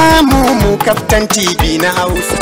samu mu kaftan TV na Hausa.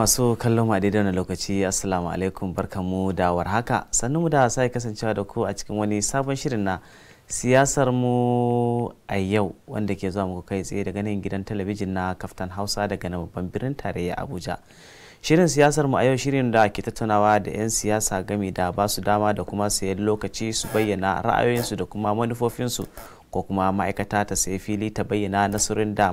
masu kallon mu a daidai wani lokaci assalamu alaikum barkanmu da warhaka sannu mu da sai kasancewa da ku a cikin wani sabon shirin na siyasar mu a yau wanda ke zuwa muku kai tsaye daga nan gidan talabijin na kaftan hausa daga nan babban birnin tarayya abuja shirin siyasar mu a yau shirin da ke tattaunawa da 'yan siyasa gami da ba su dama da kuma sayan lokaci su bayyana ra'ayoyinsu da kuma manufofinsu ko kuma ma'aikata ta sayi fili ta bayyana nasarorin da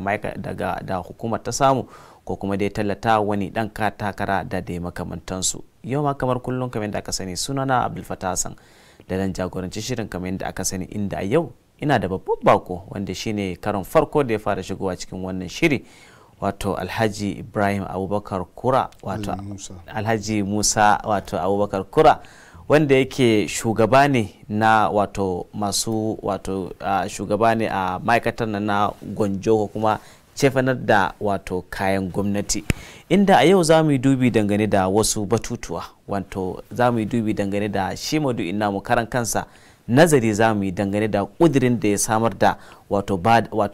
hukumar ta samu ko kuma dai tallata wani dan takara da dai makamantansu yau ma kamar kullum kamar da aka sani sunana abdul fatasan da dan jagoranci shirin kamar da aka sani inda yau ina da babban bako wanda shine karon farko da ya fara shigowa cikin wannan shiri wato alhaji ibrahim abubakar kura wato alhaji musa wato abubakar kura wanda yake shugaba ne na wato masu wato shugaba ne a ma'aikatar na gwanjo kuma cefanar da wato kayan gwamnati inda a yau za mu yi dubi dangane da wasu batutuwa wato za mu yi dubi dangane da shi ina mu karan kansa nazari za mu yi dangane da ƙudirin da ya samar da wato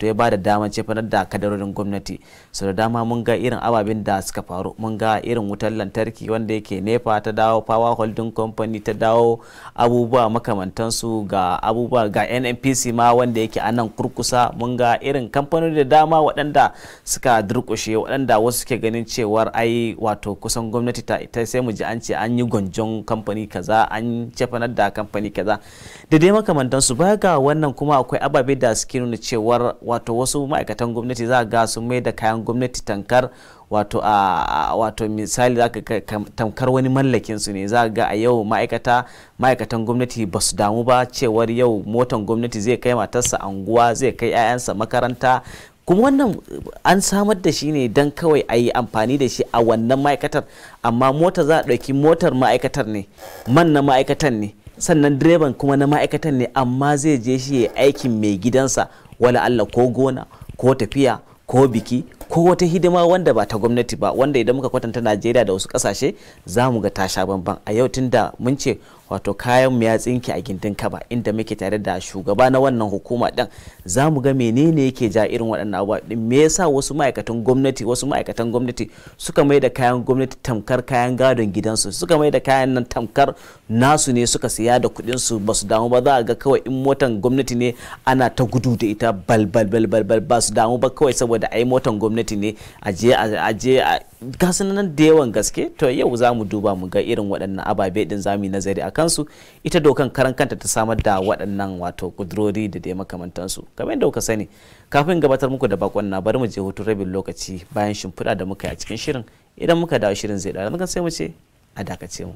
ya bada daman cefanar da kadarorin gwamnati sau da dama mun ga irin ababen da suka faru mun ga irin wutar lantarki wanda yake nefa ta dawo power holding company ta dawo abubuwa makamantansu ga abubuwa ga nnpc ma wanda yake a nan kurkusa mun ga irin kamfanoni da dama waɗanda suka durkushe waɗanda wasu suke ganin cewar ai wato kusan gwamnati ta ita sai mu ji an ce an yi gwanjon kamfani kaza an cefanar da kamfani kaza da dai makamantansu baya ga wannan kuma akwai ababe da suke nuna cewar wato wasu ma'aikatan gwamnati za ga sun mai da kayan gwamnati tankar wato a wato misali za ka tamkar wani mallakin su ne za ga a yau ma'aikata ma'aikatan gwamnati ba su damu ba cewar yau motan gwamnati zai kai matarsa anguwa zai kai 'ya'yansa makaranta kuma wannan an samar da shi ne don kawai a yi amfani da shi a wannan ma'aikatar amma mota za a ɗauki motar ma'aikatar ne man na ma'aikatar ne sannan direban kuma na ma'aikatan ne amma zai je shi ya aikin mai gidansa wala Allah ko gona ko tafiya ko biki ko wata hidima wanda ba ta gwamnati ba wanda idan muka kwatanta Najeriya da wasu kasashe za mu ga tasha bambam a yau tunda mun ce wato kayan mu ya tsinke a gindin kaba inda muke tare da shugaba na wannan hukuma din za mu ga menene yake ja irin waɗannan abubuwa din me yasa wasu ma'aikatan gwamnati wasu ma'aikatan gwamnati suka mai da kayan gwamnati tamkar kayan gadon gidansu suka mai da kayan nan tamkar nasu ne suka siya da kuɗin su ba su damu ba za a ga kawai in motan gwamnati ne ana ta gudu da ita bal bal bal bal ba su damu ba kawai saboda ai motan gwamnati ne a je a je gasu nan da yawan gaske to yau za mu duba mu ga irin waɗannan ababe ɗin za mu yi nazari a kansu ita dokan karan kanta ta samar da waɗannan wato kudurori da dai makamantansu kamar yadda kuka sani kafin gabatar muku da bakon na bari mu je hutun rabin lokaci bayan shimfiɗa da muka yi a cikin shirin idan muka dawo shirin zai ɗara muka sai mu ce a dakace mu.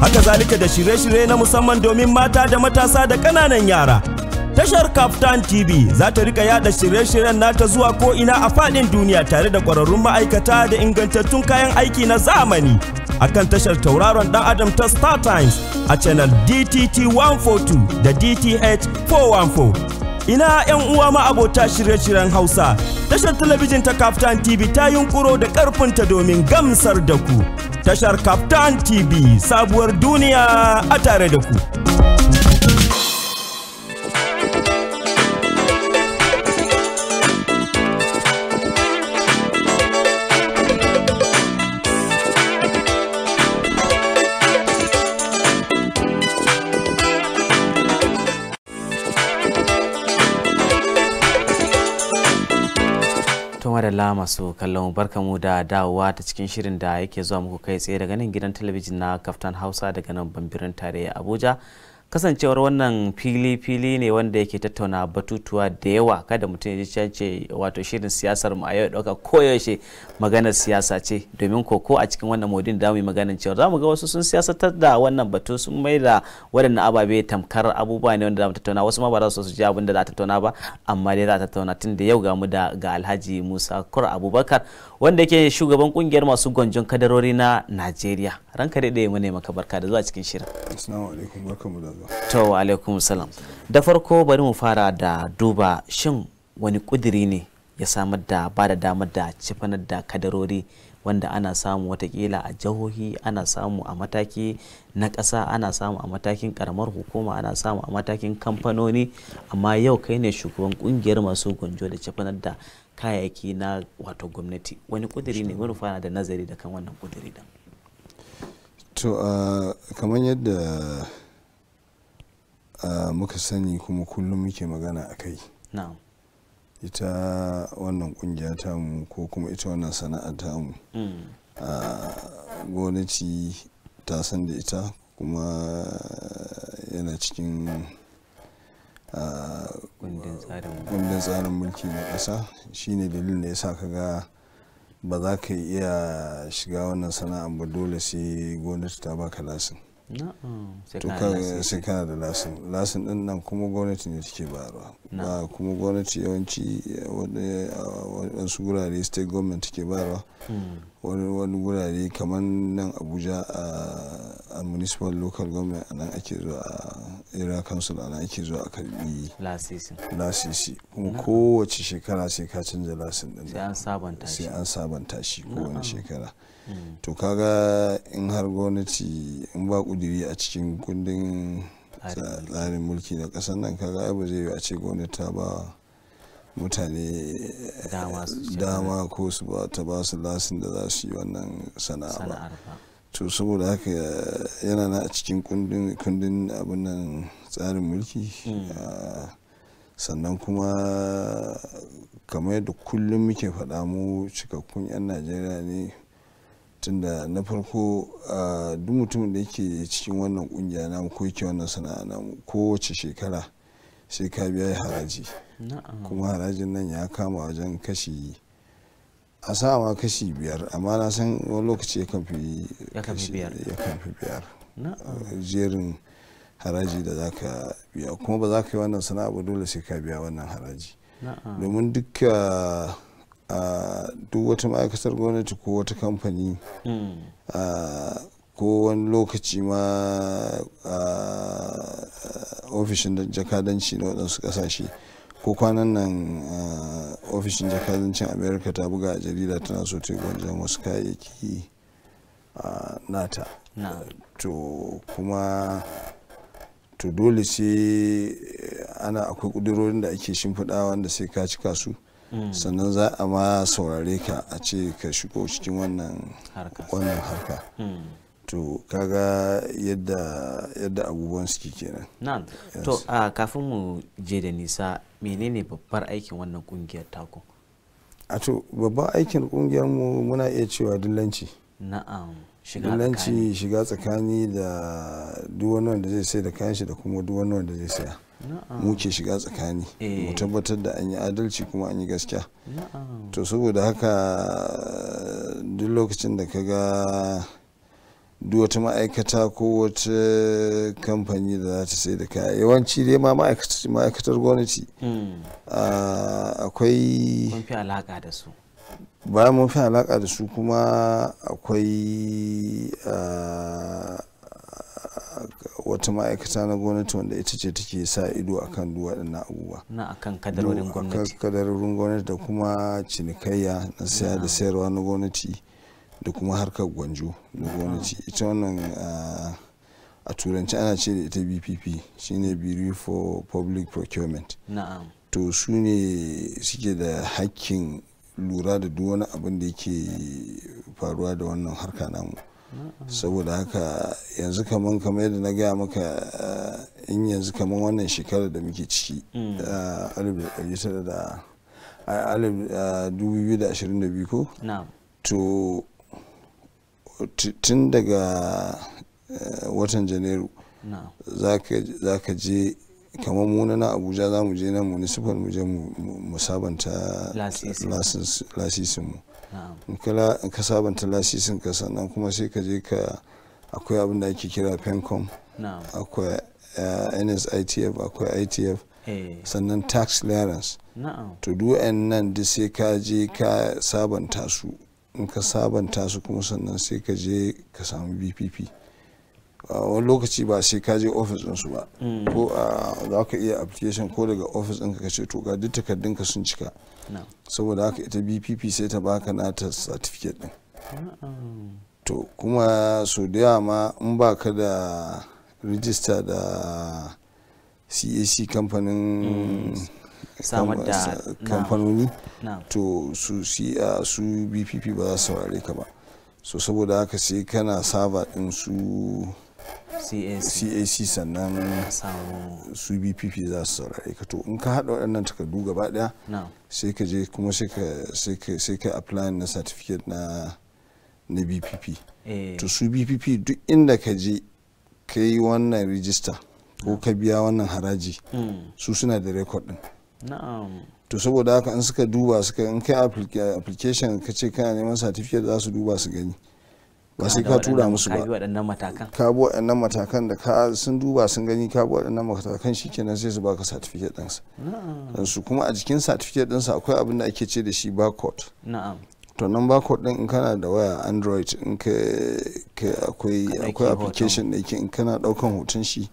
haka zalika da shirye-shirye na musamman domin mata da matasa da ƙananan yara. Tashar Kaftan TV za ta rika yada shirye-shiryen nata zuwa ko'ina a faɗin duniya tare da ƙwararrun ma'aikata da ingantattun kayan aiki na zamani. Akan tashar tauraron ɗan Adam ta Star Times a channel DTT 142 da DTH 414. Ina 'yan uwa ma abota shirye-shiryen Hausa, tashar talabijin ta Kaftan TV ta yunkuro da ƙarfinta domin gamsar da ku. Tashar Kaftan TV sabuwar duniya a tare da ku. madalla masu kallon barkamu da dawowa ta cikin shirin da yake zuwa muku kai tsaye daga nan gidan talabijin na kaftan hausa daga nan bambirin tare abuja kasancewar wannan fili-fili ne wanda yake tattauna batutuwa da yawa kada mutum ya ji cance wato shirin siyasar mu a yau dauka koyaushe maganar siyasa ce domin koko a cikin wannan modin da mu yi maganar cewa mu ga wasu sun siyasatar da wannan batu sun mai da waɗannan ababe tamkar abubuwa ne wanda za mu tattauna wasu ma ba za su ji abin da za a tattauna ba amma dai za a tattauna tun da yau ga mu da ga Alhaji Musa Kur Abubakar wanda yake shugaban kungiyar masu gwanjon kadarori na Najeriya ranka da mu ne maka barka da zuwa cikin shirin assalamu alaikum barkamu da zuwa to alaikum salam da farko bari mu fara da duba shin wani kudiri ne ya samar da ba da damar da cifanar da kadarori wanda ana samu watakila a jihohi ana samu a mataki na ƙasa ana samu a matakin karamar hukuma ana samu a matakin kamfanoni amma yau kai ne shugaban kungiyar masu gwanjo da cifanar da kayayyaki na wato gwamnati wani ƙudiri ne wani fara da nazari da kan wannan kudiri din to uh, kamar yadda uh, muka sani kuma kullum muke magana a kai Na. ita wannan kungiya mu ko kuma ita wannan sana'a tamu mm. uh, gwamnati ta san da ita kuma yana cikin kundin tsarin mulki na ƙasa shine dalilin da ya sa ka ga ba za ka iya shiga wannan sana'a ba dole sai gwamnati ta baka lasin to kaga sai kana da lasin lasin din nan kuma gwamnati ne take bayarwa ba kuma gwamnati yawanci wadansu gurare state government take bayarwa hmm. wani gurare kamar nan abuja a municipal local government a nan ake zuwa a area council a nan ake zuwa a karbi lasisi kuma kowace shekara sai ka canza lasin din sai an sabanta shi wani shekara to kaga in har gwamnati in ba kudiri a cikin kundin tsarin mulki na kasar nan kaga ai zai yi a ce gwamnati ta ba mutane eh, dama ko su ba ta ba su lasin da za su yi wannan sana'a ba to saboda haka eh, yana na a cikin kundin abin nan tsarin mulki hmm. ah, sannan kuma kamar yadda kullum muke faɗa mu cikakkun 'yan najeriya ne tunda na farko duk mutumin da yake cikin wannan kungiya namu ko yake wannan sana'a namu kowace shekara sai ka biya haraji kuma harajin nan ya kama wajen kashi a sama kashi biyar amma na san wani lokaci ya kamfi biyar jerin haraji da za ka biya kuma ba za ka yi wannan sana'a ba dole sai ka biya wannan haraji domin duka a duk wata ma'aikatar gwamnati ko wata kamfani ko wani lokaci ma ofishin jakadanci na waɗansu ƙasashe ko kwanan nan ofishin jakadancin amerika ta buga a jarida tana so ta gwanjan wasu kayayyaki a nata to kuma to dole sai ana akwai ƙudurorin da ake shimfiɗa wanda sai ka cika su sannan za a ma saurare ka a ce ka shigo cikin wannan harka to kaga yadda yadda abubuwan suke kenan na'am to kafin mu je da nisa menene babbar aikin wannan kungiyar taku a to babban aikin kungiyar mu muna iya cewa dillanci na'am dillanci shiga tsakani da duk wani wanda zai sai da kayan shi da kuma duk wani wanda zai saya mu ke shiga tsakani eh. mu tabbatar da an yi adalci kuma an yi gaskiya to saboda haka duk lokacin da ka ga duk wata ma'aikata ko wata kamfani da za ta sai da kaya yawanci dai ma ma'aikatar gwamnati hmm. akwai mun fi alaka da su bayan mun fi alaka da su kuma akwai wata ma'aikata na gwamnati wanda ita ce take sa ido akan duk waɗannan abubuwa na akan kadarorin gwamnati kadarorin gwamnati da kuma cinikayya na siya da sayarwa na gwamnati da kuma harkar gwanjo na gwamnati ita wannan a turanci ana ce da ita bpp shine biri for public procurement to su ne suke da hakkin lura da duk wani abin da yake faruwa da wannan harka namu saboda haka yanzu kaman kamar yadda na gaya maka eh, in yanzu kaman wannan shekarar da muke ciki mm. eh, a 2022 eh, ko to tun daga watan janairu za ka je kamar mu na abuja za mu je nan municipal mu je mu sabanta lasisinmu in ka sabanta lasisin ka sannan kuma sai ka je ka akwai abin da ake kira pencom akwai eh, nsitf akwai itf eh. sannan tax clearance to duwayen nan da sai ka je ka sabanta su in ka sabanta su kuma sannan sai ka je ka samu bpp wani lokaci ba sai ka je ofis ɗinsu ba mm. ko ah, za ka iya application ko daga ofis ɗinka ka ce to ga duk takardunka sun cika saboda haka ita bpp sai ta baka nata certificate din to kuma so da yawa ma in baka da rijista da cac kamfanin mm. kamfanoni to su su bpp ba za su saurare ka ba so saboda haka sai kana saba din su cac sannan su bpp za su saurare ka to in ka haɗa waɗannan takardu gaba ɗaya sai ka je kuma sai ka apply na certificate na na bpp eh. to su bpp duk inda ka je ka yi wannan rijista ko ka biya wannan haraji hmm. su suna da record ɗin to saboda haka in suka duba suka in kai application ka ce kana neman certificate za su duba su gani ba sai ka tura musu ba ka bi waɗannan matakan da ka sun duba sun gani ka bi waɗannan matakan kenan sai su baka certificate ɗinsa dan su kuma a jikin certificate ɗinsa akwai abin da ake ce da shi barcode to nan barcode ɗin in kana da waya android in ka akwai akwai application da yake in kana ɗaukan hoton shi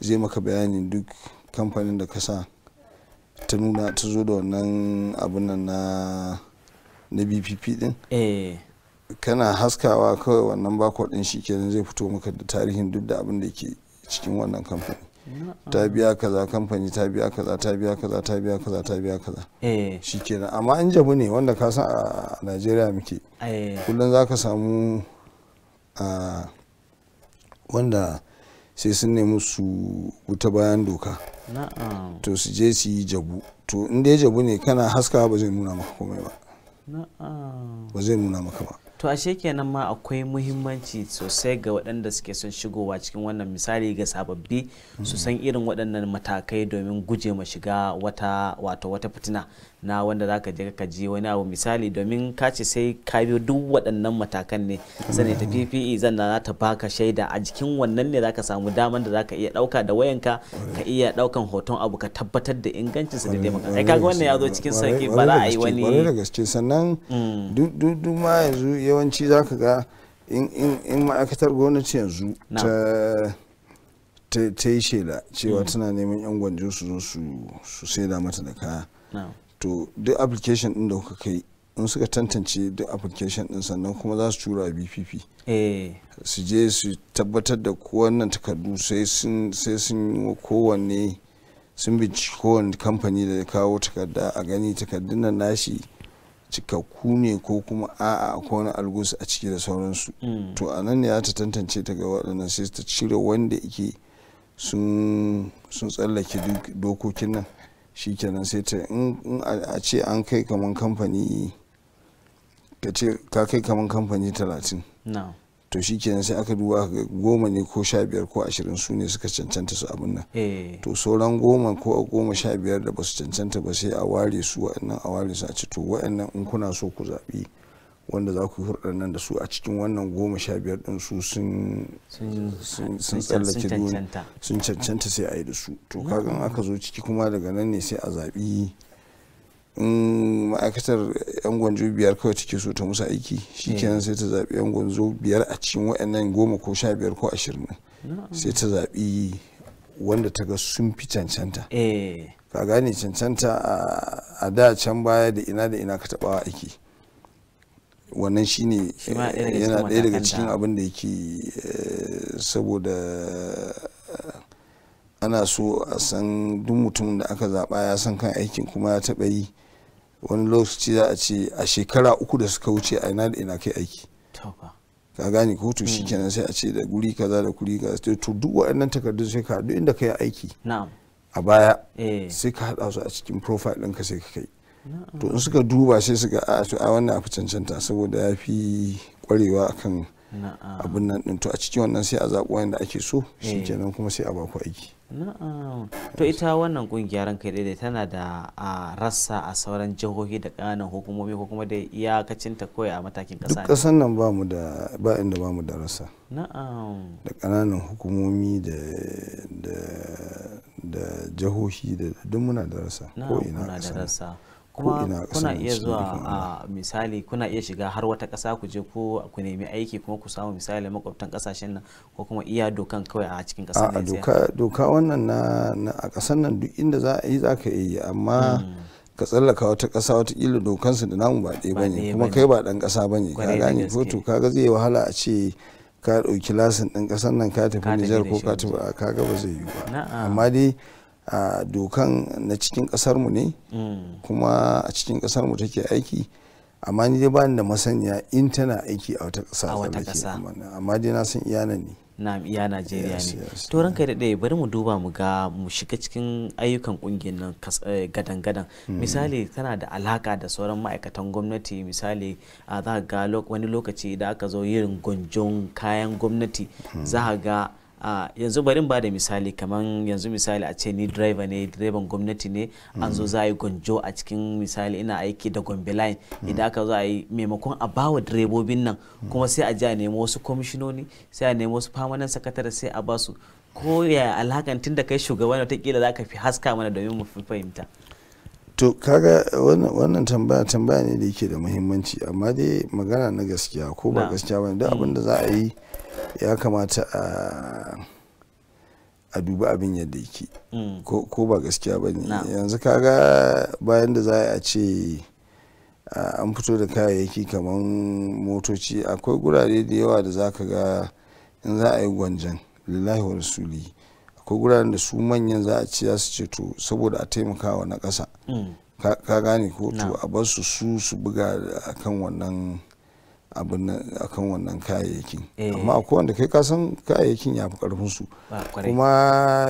zai maka bayanin duk kamfanin da ka sa ta nuna ta zo da wannan abin nan na na bpp din kana haskawa kawai wannan barcode din shi kenan zai fito maka da tarihin duk da abin da ke cikin wannan kamfani ta biya kaza kamfani ta biya kaza ta biya kaza ta biya kaza ta biya kaza eh. shi kenan amma an jabu ne wanda ka san a najeriya muke eh. kullum za ka samu wanda sai sun nemi su wuta bayan doka to su je su yi jabu to in dai jabu ne kana haskawa ba zai nuna maka komai ba ba zai nuna maka ba to ashe kenan ma akwai muhimmanci sosai ga waɗanda suke son shigowa cikin wannan misali ga sababbi su san irin waɗannan matakai domin guje ma shiga wata wata fitina na wanda za ka je ka ji wani abu misali domin ka ce sai ka biyo duk waɗannan matakan ne sani ta ppe zan na ta baka shaida a jikin wannan ne za ka samu daman da za ka iya ɗauka da wayanka ka iya ɗaukan hoton abu ka tabbatar da ingancin da taimaka sai kaga wannan ya zo cikin sauki ba za a yi wani ne da gaske sannan mm. duk ma yanzu yawanci za ka ga in ma'aikatar gwamnati yanzu ta ta yi shela cewa tana neman yan gwanjo su zo su saida mata da kaya to duk application din da kuka kai in suka tantance duk application din sannan kuma za su tura bpp eh. su je su tabbatar da wannan takardu sai sun kowanne sun binciki kowanne kamfani da ya kawo takarda a gani takardun nan nashi cikakku ne ko kuma a'a a wani algus a ciki da sauransu hmm. to a nan ne za ta tantance ta ga waɗannan sai ta cire wanda ike sun tsallake dokokin nan shikenan sai ta in a ce an kai kamar kamfani ka ce ka kai kaman kamfani talatin to shikenan sai aka duba ga goma ne ko sha biyar ko ashirin su ne suka cancanta su abin nan eh. to sauran goma ko goma sha biyar da ba su cancanta ba sai a ware su wa'annan a ware su a ce to wa'annan in kuna so ku zaɓi wanda za ku hurɗar nan da su a cikin wannan goma sha biyar ɗin su sun tsallake duniya sun cancanta sai a yi da su to mm. kagan aka zo ciki kuma daga nan ne sai a zaɓi in ma'aikatar yan gwanjo biyar kawai take so ta musu aiki shi mm. kenan sai ta zaɓi yan gwanzo biyar a cikin waɗannan goma ko sha biyar ko ashirin mm. sai ta zaɓi wanda ta ga sun fi cancanta eh. ka gane cancanta a da can baya da ina da ina ka taɓa aiki wannan shine yana ɗaya daga eh, cikin abin da yake eh, saboda eh, ana so a san duk mutumin da aka zaɓa ya san kan aikin kuma ya taɓa yi wani lokaci za a ce a shekara uku da suka wuce a ina da ina kai aiki ka gane ko to hmm. shi kenan sai a ce da guri kaza da guri kaza to duk waɗannan takardu sai ka duk inda ka yi aiki a baya sai ka haɗa su a cikin profile ɗinka sai ka kai to in suka duba sai suka a ah, to a wannan fi cancanta saboda ya fi kwarewa akan abin nan din to a cikin wannan sai a zaɓi wanda ake so eh. kenan kuma sai a baku aiki to ita wannan kungiyar kai daidai tana da rassa a sauran jihohi da ƙananan hukumomi ko kuma da ta kawai a matakin ƙasa duk ƙasar nan ba mu da ba inda ba mu da rassa da ƙananan hukumomi da da da jihohi da duk muna da rassa ko ina ƙasa kuma kuna iya zuwa a misali kuna iya shiga har wata ƙasa ku je ko ku nemi aiki kuma ku samu misali makwabtan ƙasashen nan ko kuma iya dokan kawai a cikin ƙasar a doka doka wannan na a ƙasar nan duk inda za a yi za ka yi amma hmm. ka tsallaka wata ƙasa dokan su da namu ba ɗaya bane kuma kai ba ɗan ƙasa bane ka gane ko to kaga zai wahala a ce ka ɗauki lasin ɗin ƙasar nan ka tafi Nijar ko ka tafi a kaga ba zai yi ba amma dai a dokan na cikin kasarmu ne kuma a cikin kasarmu take aiki amma ni dai bani da masaniya in tana aiki a wata ƙasa a wata ƙasa amma dai na san iyana ne na iya Najeriya ne to ranka da ɗaya bari mu duba mu ga mu shiga cikin ayyukan ƙungiyar nan eh, gadan gadan hmm. misali tana da alaka da sauran ma'aikatan gwamnati misali a za ga wani lokaci da aka zo yin gonjon kayan gwamnati hmm. za ga Uh, yanzu barin ba da misali kamar yanzu misali a ce ni driver ne direban gwamnati ne an zo mm. za a yi gonjo a cikin misali ina aiki da gombe line idan aka zo a yi maimakon a bawa direbobin nan mm. kuma sai a ji a nemo wasu kwamishinoni sai a nemo wasu famanan sakatare sai a basu ko ya alhakan tun da kai shugaban watakila za ka fi haska mana domin mu fi fahimta to kaga wannan tambaya tambaya ne da yake da muhimmanci amma dai magana na gaskiya ko ba gaskiya ba ne duk abin da za a yi ya kamata a dubi abin yadda yake mm. ko ba gaskiya ba ne yanzu kaga bayan da za a ce an fito da kayayyaki kamar motoci akwai gurare da yawa da za ka ga in za a yi gwanjan lillahi wa rasuli akwai guraren da su manyan za a ce ya su ceto saboda a taimakawa wa na ƙasa mm. ka gane ko to a bar su su su buga kan wannan abin nan akan wannan kayayyakin eh. amma akwai wanda kai ka san kayayyakin ya fi karfin su ah, kuma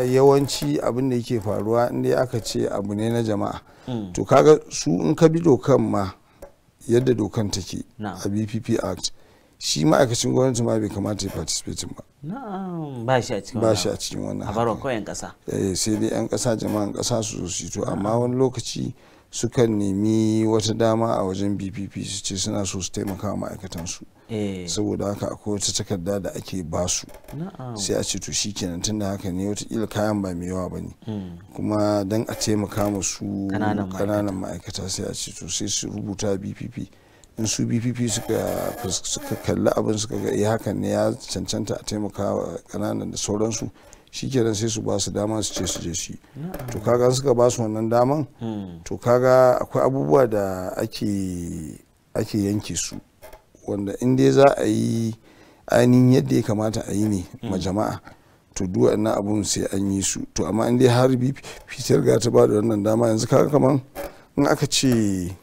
yawanci abin da yake faruwa inda aka ce abu ne na jama'a hmm. to kaga su in ka bi dokan ma yadda dokan take a bpp act shi ma'aikacin gwamnati ma bai kamata ya participating ba ba shi a cikin wannan a baro kawai yan kasa eh, sai dai yan kasa jama'an kasa su zo su to amma wani lokaci sukan nemi wata dama a wajen bpp su ce suna so su taimaka ma'aikatan su. Eh. saboda haka akwai wata takarda da ake basu sai a ce to shi kenan tunda haka ne wata watakila kayan ba mai yawa ba ne hmm. kuma don a taimaka masu kananan ma'aikata sai a ce to sai su rubuta bpp in su bpp suka kalli abin suka ga eh, hakan ne ya cancanta a taimaka wa kananan da sauransu Shi kenan sai su ba su dama su ce su je shi. to kaga suka ba su wannan daman hmm. to kaga akwai abubuwa da ake yanke su wanda in dai za a yi ainihin yadda ya kamata a yi ne ma hmm. jama'a to duk wannan abun sai an yi su to amma in dai har fitar ga ta ba da wannan dama yanzu kaga kaman in aka ce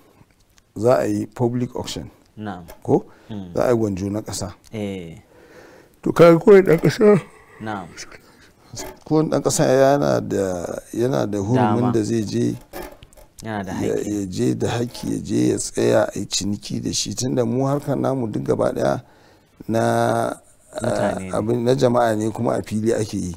za a yi public auction ko hmm. za a yi gwanjo na kasa. Eh. to kaga kawai ɗan ƙasa kowane ɗan ƙasa yana da hurumin da zai je ya je da haƙƙi ya je ya tsaya a ciniki da shi tunda mu harkar namu duk gaba ɗaya eh, na jama'a ne kuma a fili ake yi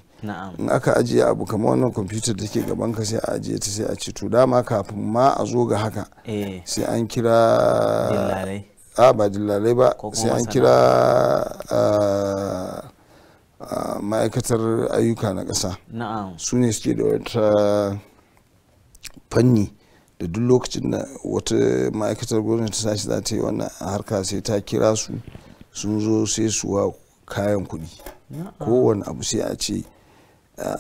in aka ajiye abu kamar wannan kwamfutar da ke gaban ka sai a ajiye ta sai a ce to dama kafin ma a zo ga haka eh. sai an kira a ba dillalai ba sai an kira ah, ma'aikatar ayyuka na ƙasa su ne suke da wata fanni da duk lokacin da wata ma'aikatar gwamnati ta sashi za ta yi wannan harka sai ta kira su sun zo sai su wa kayan kuɗi kowane abu sai a ce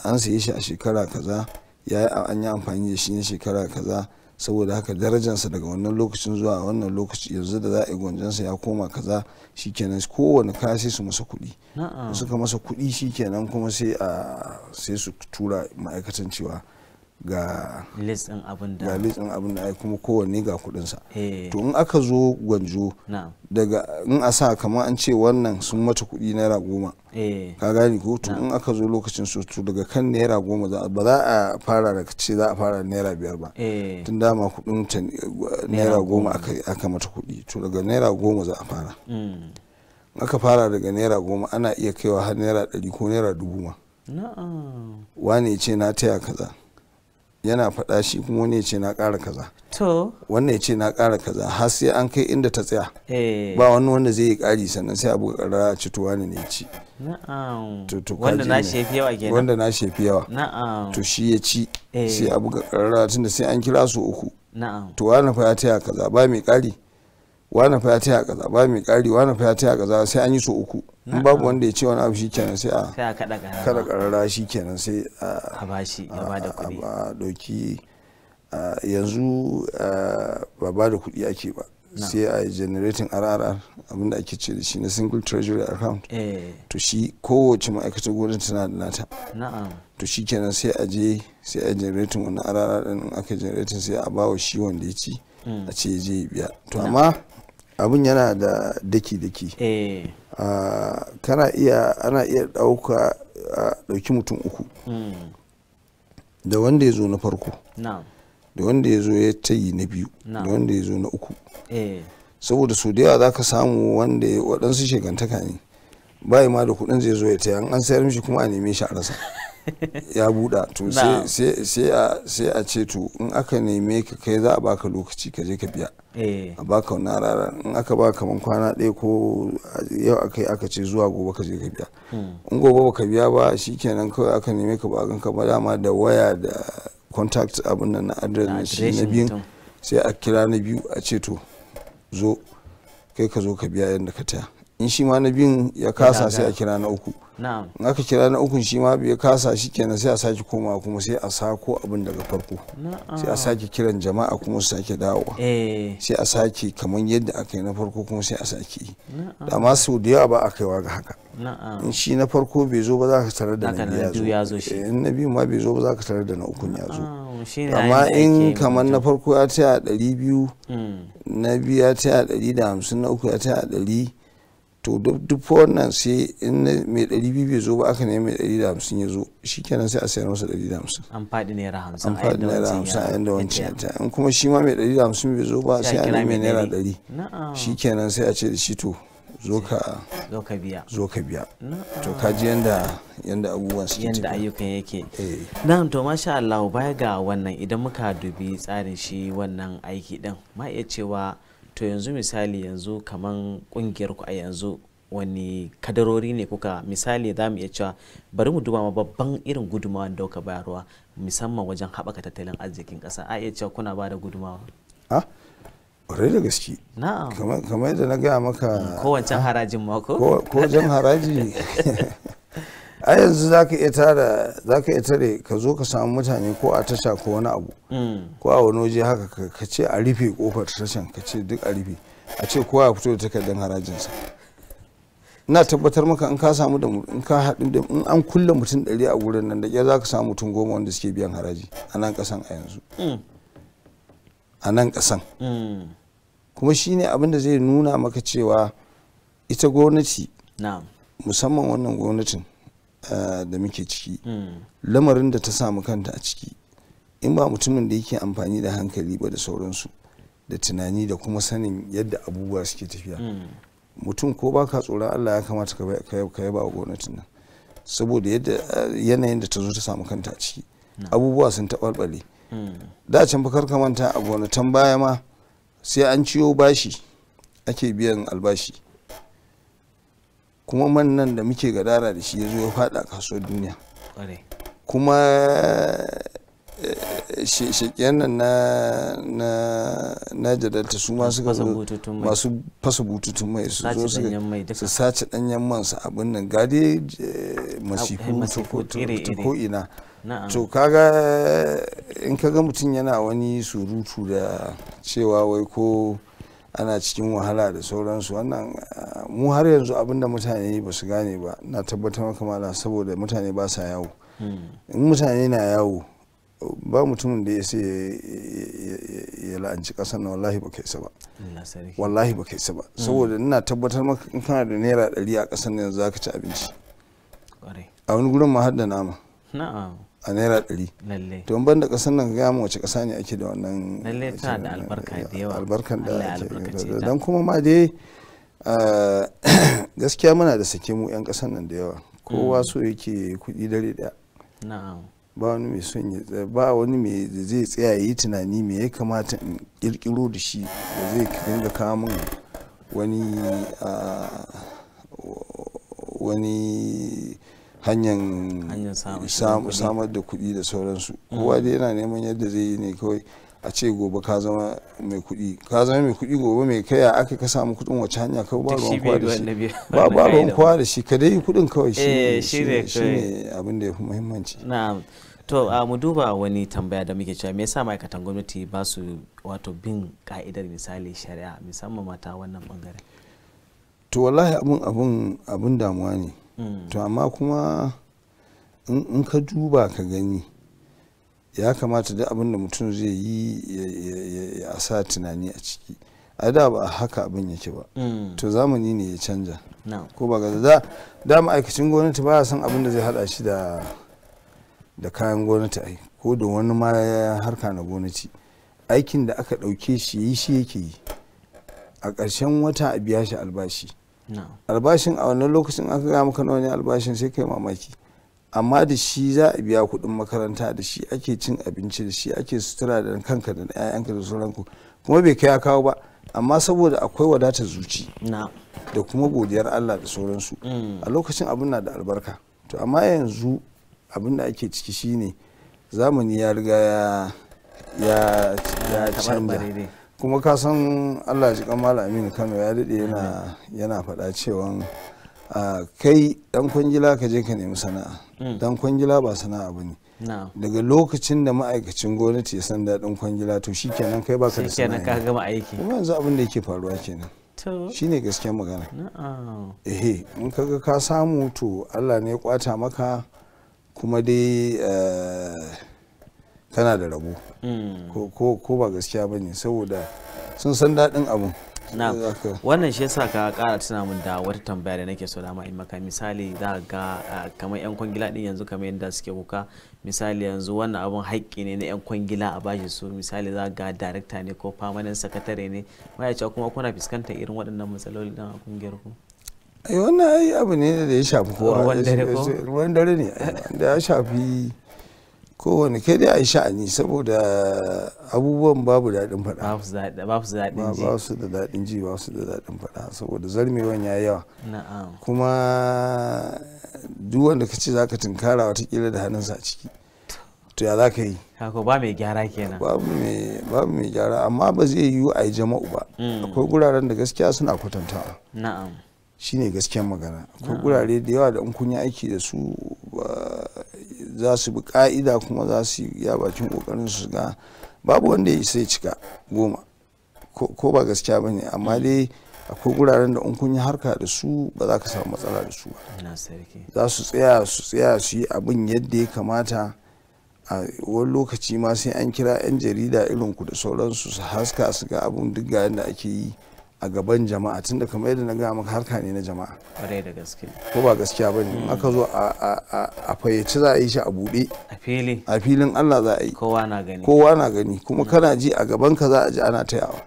an saye shi a shekara kaza ya an yi amfani da shi ne shekara kaza saboda haka darajansa daga wannan lokacin zuwa wannan lokaci yanzu da za a yi gwanjansa ya koma kaza shikenan kowane ka sai su masa kuɗi suka masa kuɗi shikenan kuma sai a sai su tura ma'aikatan cewa ga list abin da ga abin da kuma kowanne ga kudinsa. Eh. to in aka zo gwanjo daga in a sa kama an ce wannan sun mata kudi naira goma eh. ka gani ko to in aka zo lokacin so to daga kan naira goma ba za a fara da ce za a fara naira biyar ba eh. tun dama kudin ta naira goma aka mata kudi to daga naira goma za a fara mm. in aka fara daga naira goma ana iya kaiwa har naira ɗari ko naira dubu ma wane ce na taya kaza yana faɗa shi kuma wani ya ce na ƙara kaza to wannan ya ce na ƙara kaza har sai an kai inda ta tsaya eh. ba wani wanda zai yi ƙari sannan sai abu ƙarara a ci tuwa ne ya ci wanda na shefi yawa kenan wanda na shefi yawa to shi ya ci eh. sai abu ƙarara tunda sai an kira su uku to wani fa ya taya kaza ba mai ƙari wani fa ya taya kaza ba mai kari wani fa ya taya kaza sai an yi so uku in mm. babu wanda ya ce wani abu shikenan sai a kada karara shikenan sai a bashi ya bada kuɗi a doki yanzu ba ba da kuɗi ake ba sai a generating rrr abinda ake ce da shi na single treasury account eh. to shi kowace ma'aikatar gwamnati tana da nata to shi kenan sai a je sai a generating wannan rrr din aka generating sai a bawa shi wanda ya ci mm. a ce je biya to amma abin yana da daki-daki eh. kana iya ana iya ɗauka ɗauki mutum uku hmm. da wanda ya zo na farko da wanda ya zo ya tayi na biyu da wanda ya zo na uku eh. saboda su da yawa za ka samu wanda waɗansu shegantaka ne bayi ma da kuɗin zai zo ya taya an sayar mishi kuma a neme shi a rasa ya buɗa to sai a ce to in aka neme ka kai za a baka lokaci ka je ka biya eh. a baka wani rara in aka baka kaman kwana ɗaya ko yau aka yi aka ce zuwa gobe ka je ka biya hmm. in gobe baka biya ba shikenan kawai aka neme ka ba ganka ba dama da waya da contact abin nan na address na shi na biyu sai a kira na biyu a ce to zo kai ka zo ka biya yadda ka taya in shi ma na biyun ya kasa sai a kira na uku na'am aka kira na ukun shi ma bai kasa shi kenan sai a sake koma kuma sai a sako abin daga farko sai a sake kiran jama'a kuma su sake dawowa eh. sai a sake kamar yadda aka yi na farko kuma sai a sake yi da ma su da yawa ba a kaiwa ga haka in shi na farko bai zo ba za ka tarar da na biyu ya zo eh, in na biyu ma bai zo ba za ka tarar da na ukun ya zo amma in kamar na farko ya taya ɗari biyu hmm. na biyu ya taya ɗari da hamsin na uku ya taya ɗari to duk wannan sai in mai 200 bai zo ba aka nemi mai hamsin ya zo shi kenan sai a sayar masa hamsin. an faɗi naira hamsin. an faɗi naira hamsin a yanda wancan ta in kuma shi ma mai da hamsin bai zo ba sai a nemi naira ɗari. shi kenan sai a ce da shi to zo ka biya zo ka biya to ka ji yanda yanda abubuwan suke yanda ayyukan yake eh. na'am to masha Allah baya ga wannan idan muka dubi tsarin shi wannan aiki din ma iya cewa to yanzu misali yanzu kaman kungiyar ku a yanzu wani kadarori ne kuka misali za mu iya cewa bari mu duba babban irin gudumawa da kuka bayarwa musamman wajen haɓaka tattalin arzikin ƙasa a iya cewa kuna ba da gudumawa ah ƙwarai da gaske kamar yadda na gaya maka kowancan harajin mako ko wajen haraji a yanzu za ka iya tara za ka iya tare ka zo ka samu mutane ko a tasha ko wani abu mm. ko a wani waje haka ka ce a rufe kofar tashan ka ce duk a rufe a ce kowa ya fito da takardar harajinsa Ina tabbatar maka in ka samu da in ka haɗu da in an kulle mutum ɗari a wurin nan da ya za ka samu mutum goma wanda suke biyan haraji a nan ƙasan a yanzu mm. a nan ƙasan mm. kuma shi ne abin da zai nuna maka cewa ita gwamnati musamman wannan gwamnatin Eh, da muke ciki hmm. lamarin da ta samu kanta a ciki in ba mutumin da yake amfani da hankali ba da sauransu da tunani da kuma sanin yadda abubuwa suke tafiya hmm. mutum ko ba ka tsoron allah ya kamata ka yaba wa gwamnatin nan saboda yadda eh, yanayin da ta zo ta samu kanta a ciki hmm. abubuwa sun taɓarɓare da can fa karka manta a gwamnatin baya ma sai an ciyo bashi ake biyan albashi kuma man nan da muke gadara da shi ya zo ya fada kasuwar duniya kuma eh, shekiyan nan na na na jadalta su ma masu fasa bututun mai su zo su sace danyen man su abin nan gade eh, masifu eh, ta ko ina to kaga in kaga mutum yana wani surutu da cewa wai ko ana cikin wahala da sauransu wannan mu har yanzu abinda mutane ba su gane ba na tabbatar maka mala saboda mutane ba sa yawo hmm. in mutane na yawo ba mutumin da ya sai ya la'anci kasar na wallahi ba kai sa ba wallahi ba kai sa ba hmm. saboda ina tabbatar maka in kana da naira ɗari a kasar yanzu za ka ci abinci a wani gurin ma har da nama na'am a naira ɗari to in banda ƙasar nan ga mu wace ƙasa ne ake da wannan lalle da albarka da yawa albarkan da dan kuma ma dai ah, gaskiya muna da sake mu yan ƙasar nan da yawa kowa mm. so yake kuɗi dare ɗaya ba wani mai son ya ba wani mai zai tsaya yi tunani me ya kamata in kirkiro da shi da zai dinga kawo min wani ah, wani hanyar samar da kuɗi da sauransu mm. kowa dai yana neman yadda zai yi ne kawai a ce gobe ka zama mai kuɗi ka zama mai kuɗi gobe mai kaya aka ka samu kuɗin wace hanya kawai ba ruwan kwa da shi ba ba ruwan kwa da shi ka dai yi kuɗin kawai shi ne eh, abin da ya fi muhimmanci na'am to mu duba wani tambaya da muke cewa me yasa ma'aikatan gwamnati ba su wato bin ka'idar misali shari'a musamman mata wannan bangaren to wallahi abun abun abun damuwa ne Mm. to amma kuma in ka duba ka gani ya kamata da abin da mutum zai yi ya sa tunani a ciki a da ba haka abin yake ba mm. to zamani ne ya canja ko ba ga da da ma'aikacin gwamnati ba san abin da zai hada shi da da kayan gwamnati ai ko da wani ma harka na gwamnati aikin da aka ɗauke shi yi shi yake yi a ƙarshen wata a biya shi albashi albashin a wannan lokacin an gaya maka nawa ne albashin sai kai mamaki amma da shi za a biya kuɗin makaranta da shi ake cin abinci da shi ake sutura da kanka da 'ya'yanka da sauranku kuma bai kai ya kawo ba amma saboda akwai wadatar zuci da kuma godiyar Allah da sauransu mm. a lokacin abin na da albarka to amma yanzu abin da ake ciki shine zamani ya riga ya canja kuma ka san allah ji kamala aminu kano ya daɗe yana yana faɗa cewa kai dan kwangila ka je ka nemi sana'a dan hmm. kwangila ba sana'a ba ne daga lokacin da ma'aikacin gwamnati ya san daɗin kwangila to shi kenan kai baka da sana'a ka kuma yanzu abin da yake faruwa kenan shi ne gaskiyar magana ehe in ka ga ka samu to allah ne ya kwata maka kuma dai eh, tana da rabo hmm. ko ba gaskiya ba ne saboda sun san daɗin abin na wannan shi yasa ka kara tuna min da wata tambaya da nake so dama in maka misali za ga kamar yan kwangila din yanzu kamar yadda suke kuka misali yanzu wannan abun haƙƙi ne na yan kwangila a bashi su misali za ga director ne ko permanent sakatare ne ma'aikaci kuma kuna fuskantar irin waɗannan matsaloli dan a kungiyar ku ai wannan ai abu ne da ya shafi kowa ruwan dare ne da ya shafi kowane kai dai a yi sha'ani saboda abubuwan babu daɗin faɗa ba su da daɗin ji ba su da daɗin faɗa saboda zarmewan ya yawa kuma duk wanda ka ce za ka tunkara watakila da hannunsa a ciki to ya za ka yi ba mai gyara kenan babu mai gyara amma ba zai yiwu a yi jama'u ba mm. akwai guraren da gaskiya suna kwatantawa na'am shine gaskiyar magana akwai gurare da yawa da in kun yi aiki da su za su bi ka'ida kuma za su yi ya bakin kokarin su ga babu wanda ya sai cika goma ko ba gaskiya ba ne amma mm. dai akwai guraren da in kun yi harka da su ba za ka samu matsala da su ba za su tsaya su tsaya su yi abin yadda ya kamata a wani lokaci ma sai an kira 'yan jarida irin ku da sauransu su haska su ga abun duk ga yadda ake yi a gaban jama'a tunda kamar yadda na gaya maka harka ne na jama'a ƙwarai da gaske ko ba gaskiya ba ne aka zo a fayyace za a yi shi a buɗe a fili a filin allah za a yi kowa na gani kowa na gani kuma mm. kana ji a gaban ka za a ji ana tayawa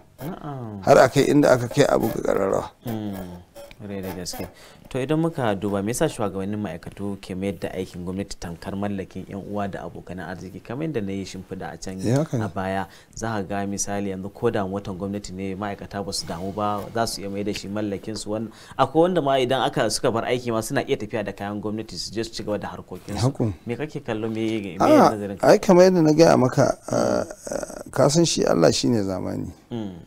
har a kai inda aka kai abu ga ƙararrawa ƙwarai mm. da gaske to idan muka duba me yasa shugabannin ma'aikatu ke mayar da aikin gwamnati tamkar mallakin yan uwa da abokan arziki kamar yadda na yi shimfiɗa a can eh, a baya za ka ga misali yanzu ko da watan gwamnati ne ma'aikata ba su damu ba za su iya mai da shi mallakin su wannan akwai wanda ma idan aka suka bar aiki ma suna iya tafiya da kayan gwamnati su je su ci gaba da harkokin su me kake kallo me ah, nazarin ai kamar yadda na gaya maka ah, ah, ka san shi Allah shine zamani hmm.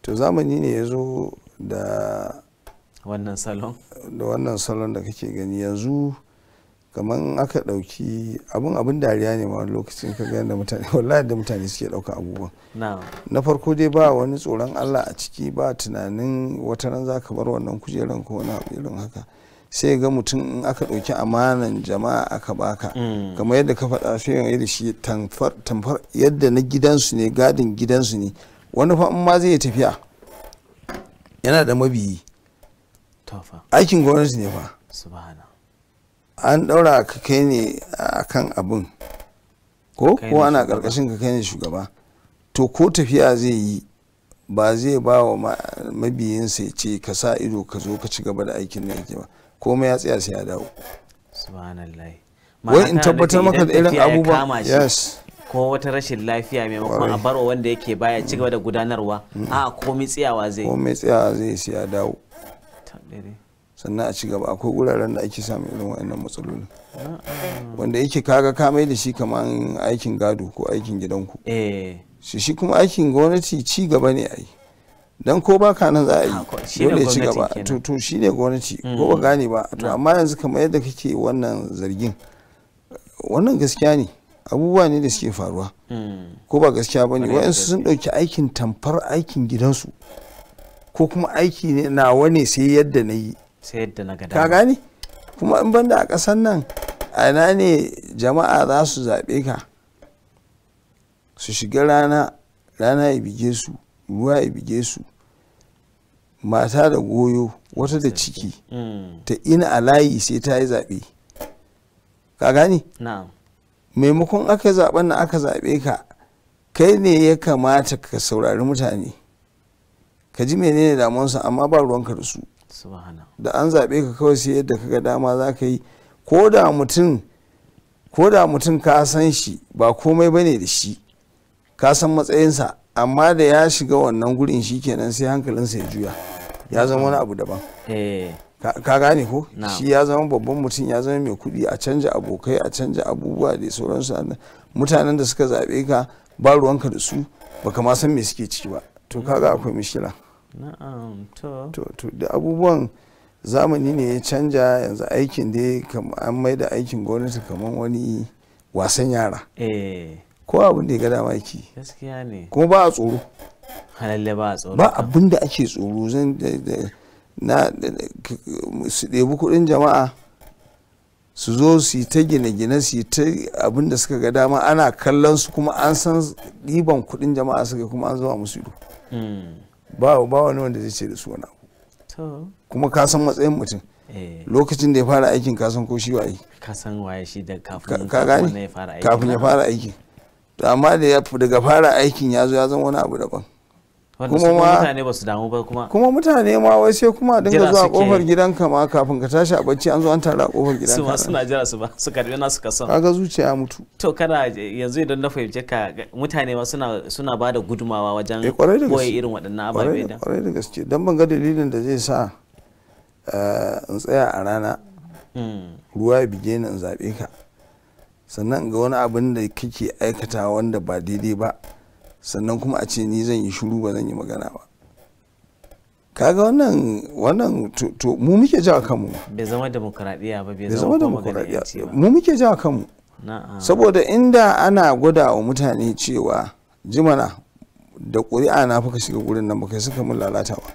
to zamani ne ya zo da wannan salon da wannan salon da kake gani yanzu kamar aka ɗauki abin abin dariya ne ma lokacin ka ga da mutane wallahi da mutane suke ɗauka abubuwan na farko dai ba wani tsoron Allah a ciki ba tunanin wata ran za ka bar wannan kujeran ko wani irin haka sai ga mutum in aka ɗauki amanan jama'a aka baka mm. kamar yadda ka faɗa sai yadda shi tamfar yadda na gidansu ne gadin gidansu ne wani fa in ma zai tafiya yana da mabiyi aikin gwamnati ne fa an ɗaura ka kai ne a kan abin ko ko ana ƙarƙashin ka kai ne shugaba to ko tafiya zai yi ba zai ba wa mabiyinsa ya ce ka sa ido ka zo ka ci gaba da aikin da yake ba komai ya tsaya sai ya dawo wai in tabbatar maka da irin abubuwa yes ko wata rashin lafiya maimakon a barwa wanda yake baya ci gaba da gudanarwa mm. a komai tsayawa zai komai tsayawa zai sai ya dawo sannan a cigaba akwai wuraren da ake samun irin wa'annan matsaloli wanda yake kaga kamai da shi kamar aikin gado ko aikin gidanku eh. shi shi kuma aikin gwamnati ci gaba ne a yi don ko ba ka nan za a yi dole ci gaba to shi ne gwamnati ko ba mm. gane ba to mm. amma yanzu kamar yadda kake wannan zargin wannan gaskiya ne abubuwa ne da suke faruwa mm. ko ba gaskiya ba ne wa'yansu sun ɗauki aikin tamfar aikin gidansu ko kuma aiki ne nawa ne sai yadda na yi sai yadda na gada ka gane kuma in banda a ƙasan nan ana ne jama'a za su zaɓe ka su shiga rana rana ya bige su ruwa ya bige su mata da goyo wata da ciki mm. ta ina a layi sai ta yi zaɓe ka gane maimakon aka zaɓen na aka zaɓe ka kai ne ya kamata ka saurari mutane ka ji menene damuwansa amma ba ruwanka da su da an zaɓe ka kawai sai yadda ka ga dama za ka yi ko da mutum ko da mutum ka san shi ba komai ba ne da shi ka san matsayinsa amma da ya shiga wannan gurin shi kenan sai hankalinsa ya juya ya zama wani abu daban eh. ka gane ko shi ya zama babban mutum ya zama mai kuɗi a canja abokai a canja abubuwa da sauransu mutanen da suka zaɓe ka ba ruwanka da su baka ma san me suke ciki ba to kaga akwai mishila na'am to to da abubuwan zamani ne ya canja yanzu aikin da an maida aikin gwamnati kamar wani wasan yara eh. ko abin da ya ga dama gaskiya ne kuma ba a tsoro ba tsoro ba abin da ake tsoro zan na su ɗebi kuɗin jama'a su zo su yi ta gine-gine su yi ta abin da suka ga dama ana kallon su kuma an san ɗiban kuɗin jama'a suka kuma an zama musu ido hmm. ba wani wanda zai ce da su wani abu kuma ka san matsayin mutum eh. lokacin da ya fara aikin ka san ko shi waye ka san waye shi da kafin ya fara aikin to amma da daga fara aikin ya zo ya zama wani abu daban kuma ma mutane ba su damu ba kuma kuma mutane ma wai sai kuma dinga zuwa kofar gidanka ma kafin ka tashi a bacci an zo an tara kofar gidanka su ma suna jira su ba su karbi nasu kasan kaga zuciya mutu to kana yanzu idan na fahimce ka mutane ma suna suna bada gudumawa wajen eh, koyi irin waɗannan ababe da kwarai da gaske dan ban ga dalilin da zai sa eh, in tsaya a rana hmm. ruwa ya bige ni in zabe ka sannan ga wani abin da kake aikata wanda ba daidai ba sannan kuma a ce ni zan yi shiru ba zan yi magana ba kaga wannan wannan to mu muke jawa kanmu bai zama demokradiya ba bai zama demokradiya mu muke jawa kanmu saboda inda ana gwada wa mutane cewa jimana da ƙuri'a na fa shiga gurin nan baka suka mun lalata ba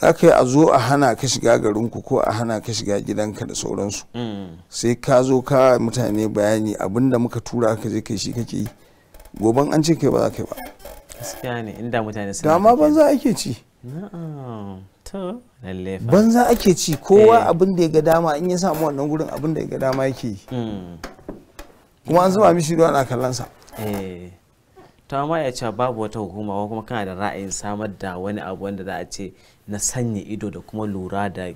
za ka yi a zo a hana ka shiga garinku ko a hana ka shiga gidanka da sauransu mm. sai ka zo ka mutane bayani abinda muka tura ka je kai shi kake yi goban an ce kai ba za ka yi ba gaskiya ne inda mutane suna amma banza ake ci banza ake ci kowa eh. abin da ya ga dama in ya samu wannan gurin abin da ya ga dama yake yi hmm. kuma an zuba mishi ruwa na kallon sa eh. ta ma ya cewa babu wata hukuma ko kuma kana da ra'ayin samar da wani abu wanda za a ce na sanya ido da kuma lura da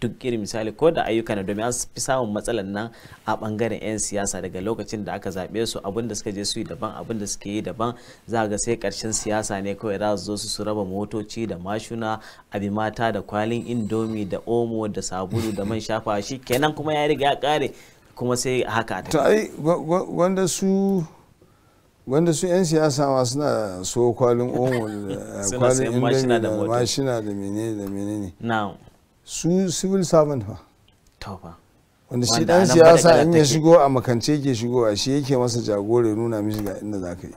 duk irin misali ko da ayyuka na domin an fi samun matsalar nan a bangaren 'yan siyasa daga lokacin da aka zaɓe su da suka je su yi daban da suke yi daban za ga sai karshen siyasa ne kawai za su zo su raba motoci da mashuna abi mata da kwalin indomi da omo da sabulu da man shafawa shi kenan kuma ya riga ya kare kuma sai haka ta wanda su wanda su 'yan siyasa ma suna so kwalin omul eh, kwalin indomi da mashina da mene da menene su civil servant fa wanda shi dan siyasa in ya shigo a makance ke shigowa shi yake masa jagore nuna mishi ga inda za ka yi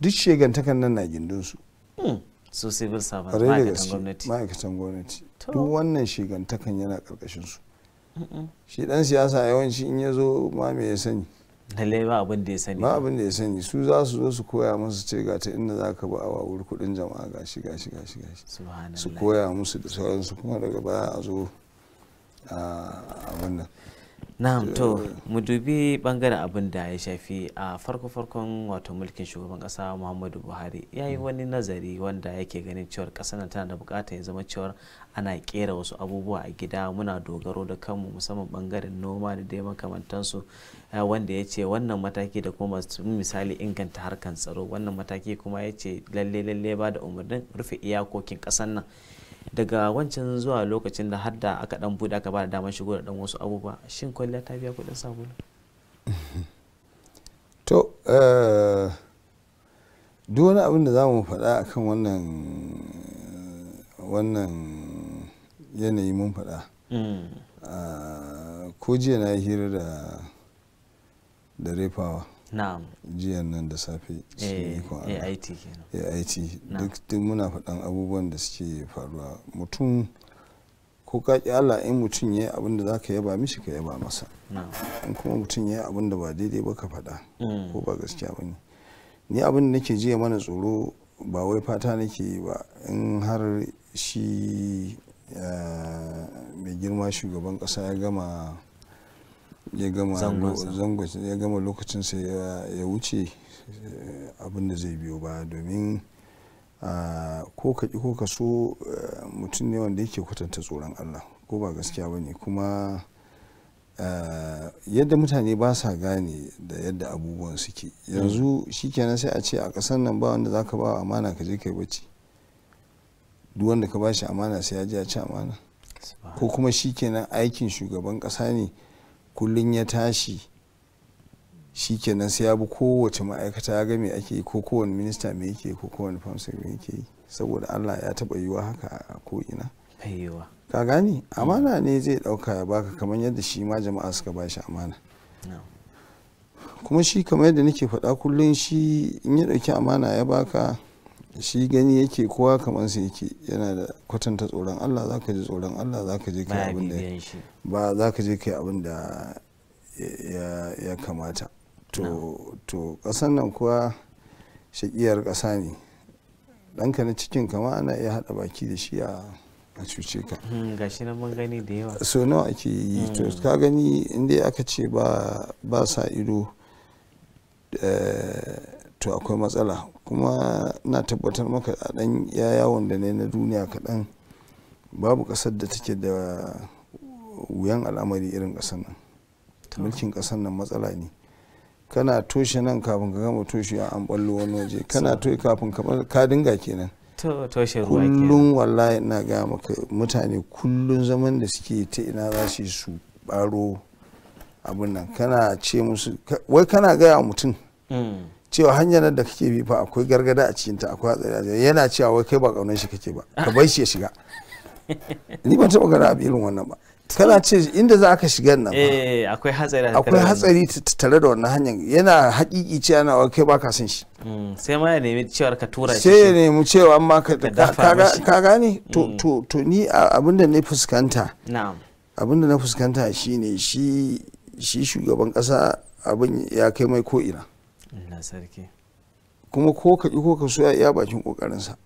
duk shegantakan nan na gindin su hmm. su civil servant ma'aikatan gwamnati duk wannan shegantakan yana karkashin su shi dan siyasa yawanci in ya zo ma me ya sani lallai ba abin da ya sani ba abin da ya sani su za su zo su koya musu ce ga ta inda za ka ba a wuri kudin jama'a gashi gashi gashi gashi su koya musu da sauransu kuma daga baya a zo a wannan. na'am to eh. mu dubi bangaren abin da ya shafi a farko-farkon wato mulkin shugaban kasa muhammadu buhari ya yi mm. wani nazari wanda yake ganin cewar kasar tana da bukata ya zama cewar ana kera wasu abubuwa a gida muna dogaro da kanmu musamman bangaren noma da dai makamantansu wanda ya ce wannan mataki da kuma misali inganta harkan tsaro wannan mataki kuma ya ce lalle lalle ba da umarnin rufe iyakokin kasar nan daga wancan zuwa lokacin da har da aka dan bude aka ba da damar shigo da dan wasu abubuwa shin kwalliya ta biya kudin sabulu to eh, duk wani abin da za mu faɗa a kan wannan yanayi mun faɗa mm. ah, ko jiya na yi hira da da refawa jiyan nan da safe eh, eh, ait eh, duk muna faɗan abubuwan da suke faruwa mutum ko ka ƙi Allah in mutum ya yi abin za ka yaba mishi ka yaba masa in kuma mutum ya yi abin ba daidai ba ka faɗa mm. ko ba gaskiya ba ne ni abin da nake jiya mana tsoro ba wai fata nake yi ba in har shi mai girma shugaban ƙasa ya gama ya gama ya gama lokacin sa ya wuce abin da zai biyo ba domin ko ka ko ka so mutum ne wanda yake kwatanta tsoron Allah ko ba gaskiya bane kuma yadda mutane ba sa gane da yadda abubuwan suke yanzu shikenan sai a ce a ƙasar nan ba wanda za ka ba amana ka je kai bacci duk wanda ka ba shi amana sai ya je ya ci amana ko kuma shikenan aikin shugaban ƙasa ne kullum ya tashi shi kenan sai ya bi kowace ma'aikata ya ga me ake yi ko kowane minista me yake ko kowane famsa me yake yi saboda allah ya taba yiwa haka a ko'ina ka gani amana ne zai dauka ya baka kamar yadda shi ma jama'a suka ba shi amana kuma shi kamar yadda nake faɗa kullum shi in ya ɗauki amana ya baka shi gani yake kowa kamar su yake yana da kwatanta tsoron Allah za ka ji tsoron Allah za ka je kai abin da ba za ka je kai abin da ya kamata to kasan nan kuwa shaƙiyar ƙasa ne ɗanka na cikin kama ana iya haɗa baki da shi a cuce ka hmm, ga shi na mun gani da yawa so nawa ake yi hmm. to ka gani inda aka ce ba sa ido eh, to akwai matsala kuma na tabbatar maka a dan yawon da ne na duniya kaɗan babu ƙasar da take da wuyan al'amari irin ƙasar nan mulkin ƙasar nan matsala ne kana toshe nan kafin ka gama toshe an ballo wani waje kana toshe kafin ka dinga kenan toshe ruwa kullum wallahi ina ga maka mutane kullum zaman da suke ta ina za su su baro abin nan kana ce musu wai kana gaya mutum mm. cewa hanyar da kake bi fa akwai gargada a cikinta akwai hatsari yana cewa wai kai ba kaunar shi kake ba ka bai shi ya shiga ni ban taɓa gara abu irin wannan ba kana ce inda za ka shiga nan eh, akwai hatsari akwai hatsari tare da wannan hanyar yana hakiki ce ana wai kai ba ka son shi mm, sai ma ya nemi cewar ka tura shi sai ya nemi cewa amma ka gane to mm. to ni abin da na fuskanta na'am abin da na fuskanta shine shi shi shugaban kasa abin ya kai mai ko ina kuma ko ka ko ka so ya bakin kokarinsa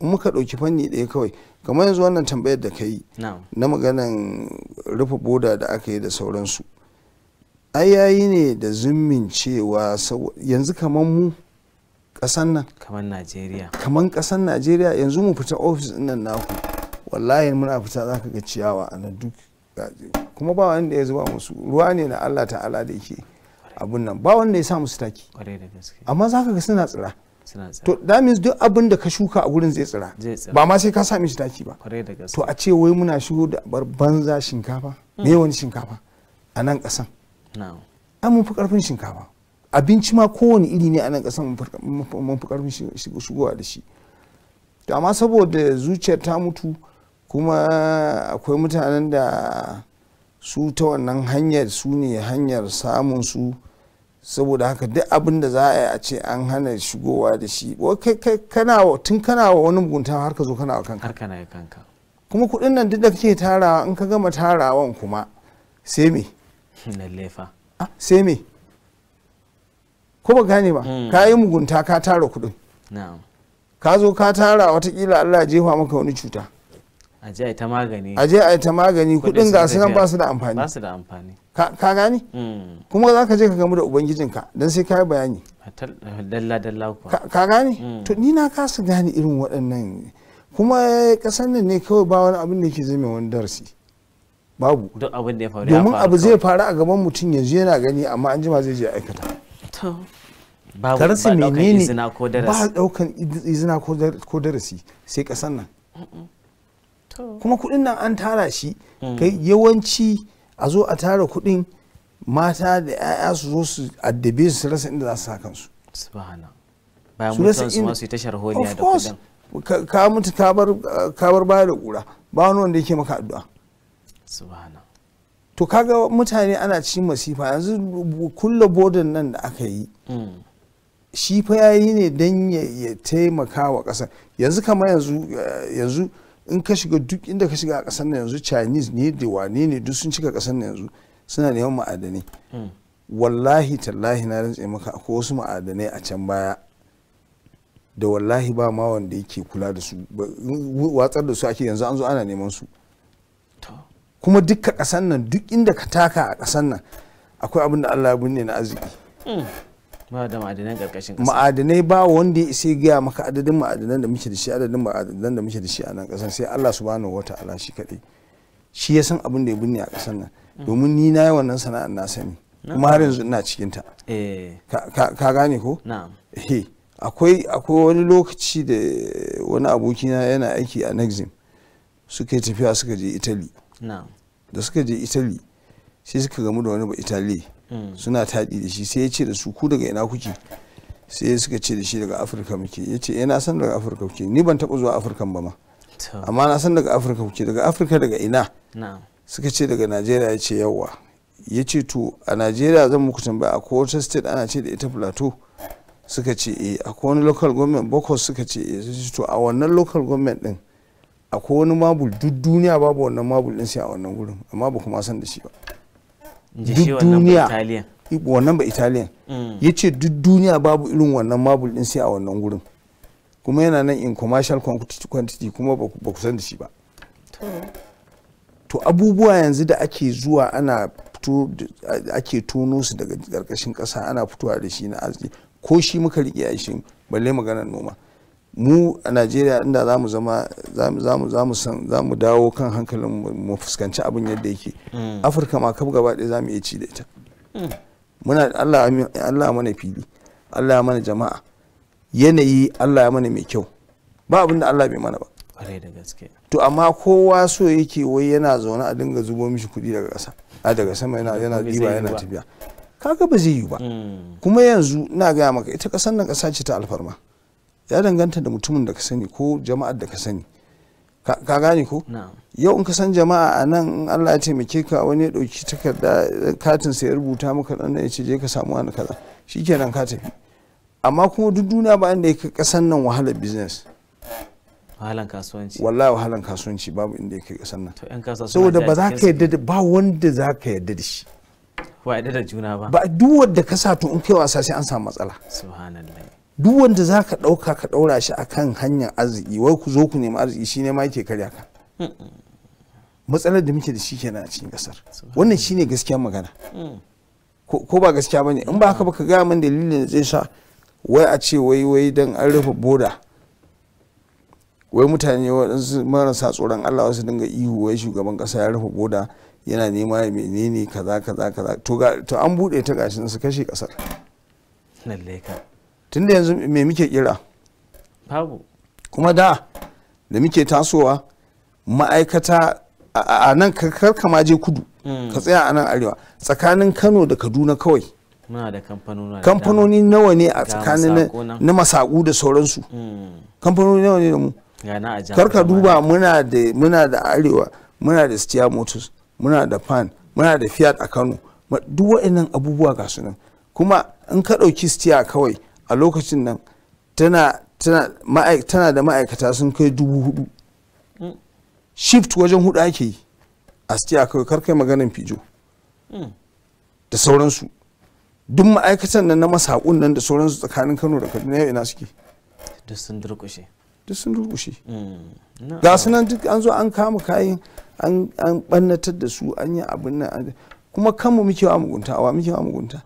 in muka ɗauki fanni ɗaya kawai kamar yanzu wannan tambayar da ka yi na maganan rufe boda da aka yi da sauransu ai yayi ne da zummin cewa yanzu kamar mu ƙasan nan kamar najeriya kamar ƙasan najeriya yanzu mu fita ofis nan naku wallahi muna fita za ka ga ciyawa a duk kuma ba wanda ya zuba musu ruwa ne na allah ta'ala da yake abun nan ba wanda ya sa musu taki amma za ka ga suna tsira to that means duk abin da ka shuka a gurin zai tsira ba ma sai ka sa shi taki ba to a ce wai muna shigo da banza shinkafa hmm. me wani shinkafa a nan kasan an mun fi karfin shinkafa abinci ma kowane iri ne a nan kasan mun fi karfin shigowa da shi to amma saboda zuciyar ta mutu kuma akwai mutanen da su ta wannan hanyar su ne hanyar samun su saboda haka duk abin da za a yi a ce an hana shigowa da shi kana tun kana wa wani mugunta har ka zo kana wa kanka kanka kuma kuɗin nan duk da kake tarawa in ka gama tarawan kuma sai me ah, sai me ko ba gane ba mm. ka yi mugunta ka tara kuɗin ka zo ka tara watakila Allah jefa maka wani cuta aje ai ta magani aje ai ta magani kudin ga su nan ba su da amfani ba su da amfani ka gani hmm. kuma za ka je ka gamu da ubangijinka don sai ka yi bayani dalla dalla ka gani hmm. to ni na kasa gane irin waɗannan kuma kasan eh, nan ne kawai ba wani abin da yake zama wani darasi babu duk abin da ya faru domin abu zai faru a gaban mutum yanzu yana gani amma an jima zai je aikata ba menene ba daukan izina ko darasi sai kasan nan kuma kuɗin nan an tara shi kai yawanci a zo a tara kuɗin mata da 'ya'ya su zo su addabe su rasa inda za su sa kansu su masu ta da kudin ka mutu ka bar baya da kura ba wani wanda yake maka addu'a to kaga mutane ana ci masifa yanzu kulla bodin nan da aka yi mm. shi fa yayi ne don ya taimaka wa ƙasa yanzu kamar yanzu eh, yanzu in ka shiga duk inda ka shiga a kasar na yanzu chinese ne da wane ne duk sun cika kasar na yanzu suna neman ma'adanai hmm. wallahi tallahi na rantse maka akwai wasu ma'adanai a can baya da wallahi ba ma wanda yake kula da su watsar da su ake yanzu an zo ana neman su kuma dukka kasan nan duk inda ka taka a kasan nan akwai abin da allah ya binne na arziki hmm. da ma'adanai karkashin kasa ma'adanai ba wanda ya isa gaya maka adadin ma'adanan da muke da shi adadin ma'adanan da muke da shi a nan kasan sai Allah subhanahu wata'ala shi kadai shi ya san abin da ya binne a kasan nan mm. domin ni na yi wannan sana'ar na sani kuma har yanzu ina cikin ta eh. ka gane ko akwai akwai wani lokaci da wani abokina yana aiki a Nexim suka tafiya suka je Italy da suka je Italy sai suka gamu da wani ba Italy Mm. suna taɗi da shi sai ya ce da su ku daga ina kuke sai suka ce da shi daga afirka muke ya ce eh, na san daga afirka kuke ni ban taɓa zuwa afirkan ba ma amma na san daga afirka kuke daga afirka daga ina suka ce daga najeriya ya ce yawa ya ce to a najeriya zan muku tambaya a kowace state ana ce da ita plateau suka ce eh akwai wani local government bokos suka ce eh to a wannan local government din akwai wani mabul duk duniya babu wannan mabul din sai a wannan gurin amma ba kuma san da shi ba duk duniya wannan ba italiyan mm. ya ce duk duniya babu irin wannan mabul din sai a wannan gurin kuma yana nan in commercial quantity kuma ba ku san da shi ba to abubuwa yanzu da ake zuwa ana fito ake tono su daga karkashin ƙasa ana fitowa da shi na arziki ko shi muka rike a shi balle maganar noma mu a najeriya inda za mu zama za mu dawo kan hankalin mu fuskanci abin yadda yake mm. afirka ma kaf gaba ɗaya za mu iya ci da ita mm. muna allah mana fili allah mana jama'a yanayi allah mana mai kyau ba abin da allah bai mana ba to amma kowa so yake wai yana zaune a dinga zubo mishi kuɗi daga ƙasa a daga sama yana yana diba yana tafiya kaga ba zai yi ba mm. kuma yanzu ina gaya maka ita ƙasar nan ƙasa ce ta alfarma ya danganta da mutumin da ka sani ko jama'ar da ka sani ka gane ko yau in ka san jama'a a nan in Allah ya taimake ka wani ya dauki takarda katin sai ya rubuta maka dan ya ce je ka samu wani kaza shikenan ka tafi amma kuma duk duniya ba inda kai kasan nan wahalar business wahalan kasuwanci wallahi wahalan kasuwanci babu inda kai kasan nan to saboda ba za ka yadda ba wanda za ka yadda da shi ba yadda da juna ba ba duk wanda ka sa to in kai wasa sai an samu matsala subhanallah duk wanda za ka ɗauka ka ɗaura shi a kan hanyar arziki wai ku zo ku nemi arziki shi ne ma yake karya ka matsalar da muke da shi kenan a cikin ƙasar wannan shi ne gaskiya magana ko ba gaskiya ba ne in ba haka ba ka gaya min dalilin da zai sa wai a ce wai wai don an rufe boda wai mutane waɗansu marasa tsoron Allah wasu dinga ihu wai shugaban ƙasa ya rufe boda yana nema ya menene kaza kaza kaza to an buɗe ta gashin su kashe ƙasar tunda yanzu me muke kira babu kuma da da muke tasowa ma'aikata a nan karka ma je kudu hmm. ka tsaya a nan arewa tsakanin kano da kaduna kawai kamfanoni nawa ne a tsakanin na masaku da sauransu hmm. kamfanoni nawa ne da mu karka duba muna da muna da arewa muna da steer motors muna da pan muna da fiat a kano duk waɗannan abubuwa ga su nan kuma in ka ɗauki steer kawai a lokacin nan tana da ma'aikata sun kai dubu hudu mm. shift wajen hudu ake yi a stiya kawai karkai maganin fijo mm. da sauransu duk ma'aikatan nan na masakun nan da sauransu tsakanin kano da kaduna yau ina suke duk sun durkushe duk sun durkushe mm. ga su nan duk an zo an kama kayan an bannatar da su an yi abin nan kuma kanmu muke wa mugunta wa muke wa mugunta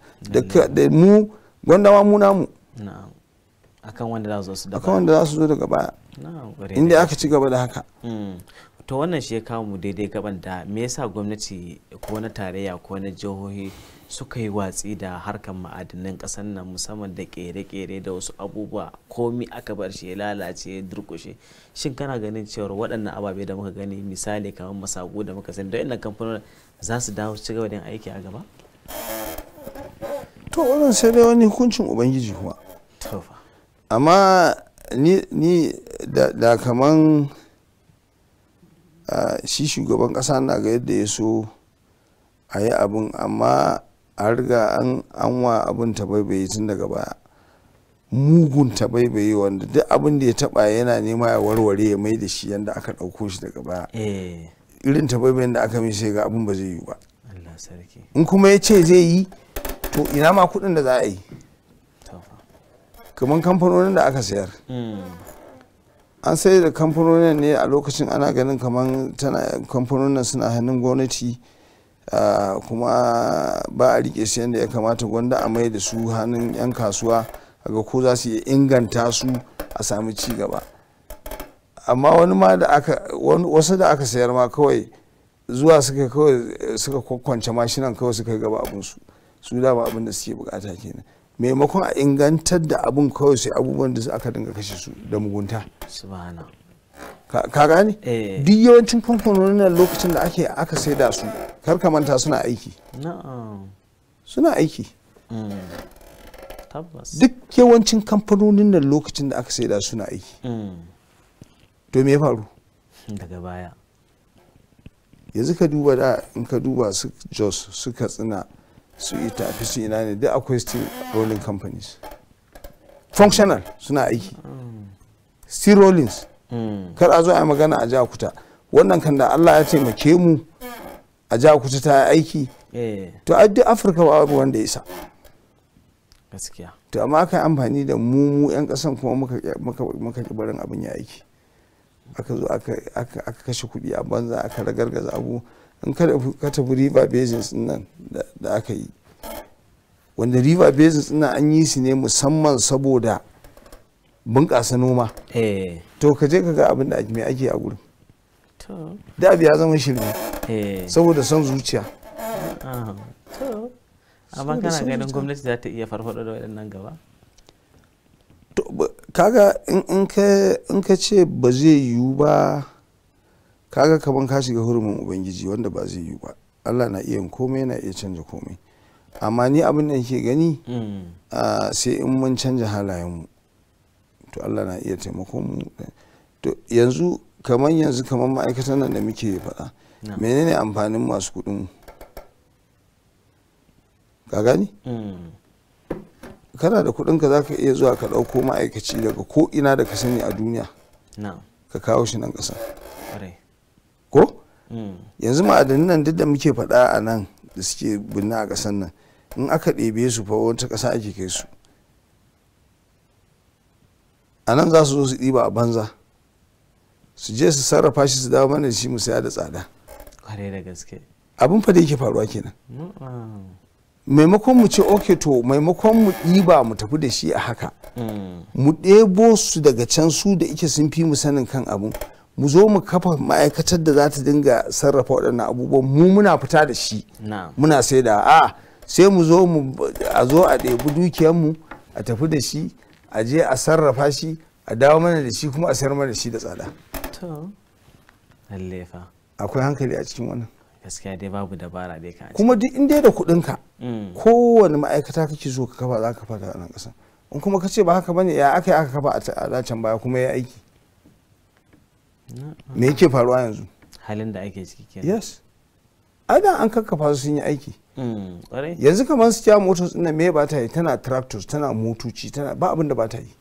da mu gwanda mu namu akan wanda za su zo daga baya inda aka ci gaba da haka mm. to wannan shi ya kawo mu daidai gaban da me yasa gwamnati ko na tarayya ko na jihohi suka yi watsi da harkar ma'adanan kasar nan musamman da kere-kere da wasu abubuwa komi aka bar shi lalace durkushe shin kana ganin cewar waɗannan ababe da muka gani misali kamar masago da muka sani don inda kamfanonin za su dawo ci gaba da aiki a gaba to wannan sai dai wani hukuncin ubangiji kuwa. amma ni da kaman shi shugaban kasa na ga yadda ya so a yi abin amma a riga an wa abin tabaibaye tun daga baya mugun tabaibaye wanda duk abin da ya taba yana nema ya warware ya mai da shi yadda aka ɗauko shi daga baya eh. irin tabaibayen da aka sai ga abin ba zai yi ba in kuma ya ce zai yi to ina ma kuɗin da za a yi kamar kamfanonin da aka sayar hmm. an sai da kamfanonin ne a lokacin ana ganin kamar kamfanonin suna hannun gwamnati kuma ba a rike su yadda ya kamata gwanda a mai da su hannun 'yan kasuwa ga ko za su inganta su a sami ci gaba amma wani ma da aka wasu da aka sayar ma kawai zuwa suka kawai suka kwakwance mashinan kawai suka gaba abinsu su ba abin da suke bukata kenan maimakon a ingantar da abun kawai sai abubuwan da aka dinga kashe su da mugunta ka gane eh. duk yawancin kamfanonin nan lokacin da ake aka sai da su kar ka manta suna aiki suna aiki mm. duk yawancin kamfanonin nan lokacin da aka sai da suna aiki mm. to me ya faru daga baya yanzu ka duba da in ka duba su jos su katsina su itafi su ina ne dai akwai steel rolling companies functional suna aiki steel rollings kar a zo a yi magana a jakuta wannan kan da allah ya taimake mu a jakuta ta aiki eh. to a duk afirka ba abu wanda isa gaskiya to amma aka yi amfani da mu yan kasan kuma muka ki barin abin ya aiki aka zo aka kashe kuɗi a banza aka ragargaza abu in ka bu river basins nan da aka yi wanda river basins nan an yi su ne musamman saboda bunƙasa noma eh. to ka je ka ga abin da me ake a gurin da abu ya zama shirme eh. saboda son zuciya ah. amma kana ganin gwamnati za ta iya farfaɗo da waɗannan gaba kaga in ka ce ba zai yiwu ba kaga kaman ka shiga hurumin ubangiji wanda ba zai yi ba allah na iya komai na iya canja komai amma ni abin da ke gani hmm. sai in mun canja halayenmu to allah na iya taimakon mu to yanzu kaman yanzu kaman ma'aikatan nan da muke faɗa menene amfanin masu kuɗin ka gani hmm. kana da kuɗinka za ka iya zuwa ka ɗauko ma'aikaci daga ko ina da ka sani a duniya ka kawo shi nan ƙasa ko mm. yanzu ma'adanin nan duk da muke faɗa a nan da suke binne a ƙasar nan in aka ɗebe su fa wata ƙasa ake kai su a nan za su zo su ɗiba a banza su je su sarrafa shi su dawo mana da shi mu saya da tsada abin fa da yake faruwa kenan maimakon mu ce ok to maimakon mu ɗiba mu tafi da shi a haka mm. mu ɗebo su daga can su da ike sun fi mu sanin kan abu. mu zo mu kafa ma'aikatar da za ta dinga sarrafa waɗannan abubuwan mu muna fita da shi muna sai da a sai mu zo mu a zo a ɗebi dukiyarmu a tafi da shi a je a sarrafa shi a dawo mana da shi kuma a sayar mana da shi da tsada akwai hankali a cikin wannan gaskiya dai babu dabara dai ka kuma duk in dai da kuɗin ka mm. kowane ma'aikata kake so ka kafa za ka fara ta nan ƙasa in kuma ka ce ba haka bane ya aka yi aka kafa a can baya kuma ya aiki me yake faruwa yanzu halin da ake ciki kenan yes ada an kakkafa su sun yi aiki mm, yanzu kamar su kya motors ɗin me ba ta yi tana tractors tana motoci tana ba abin da ba ta yi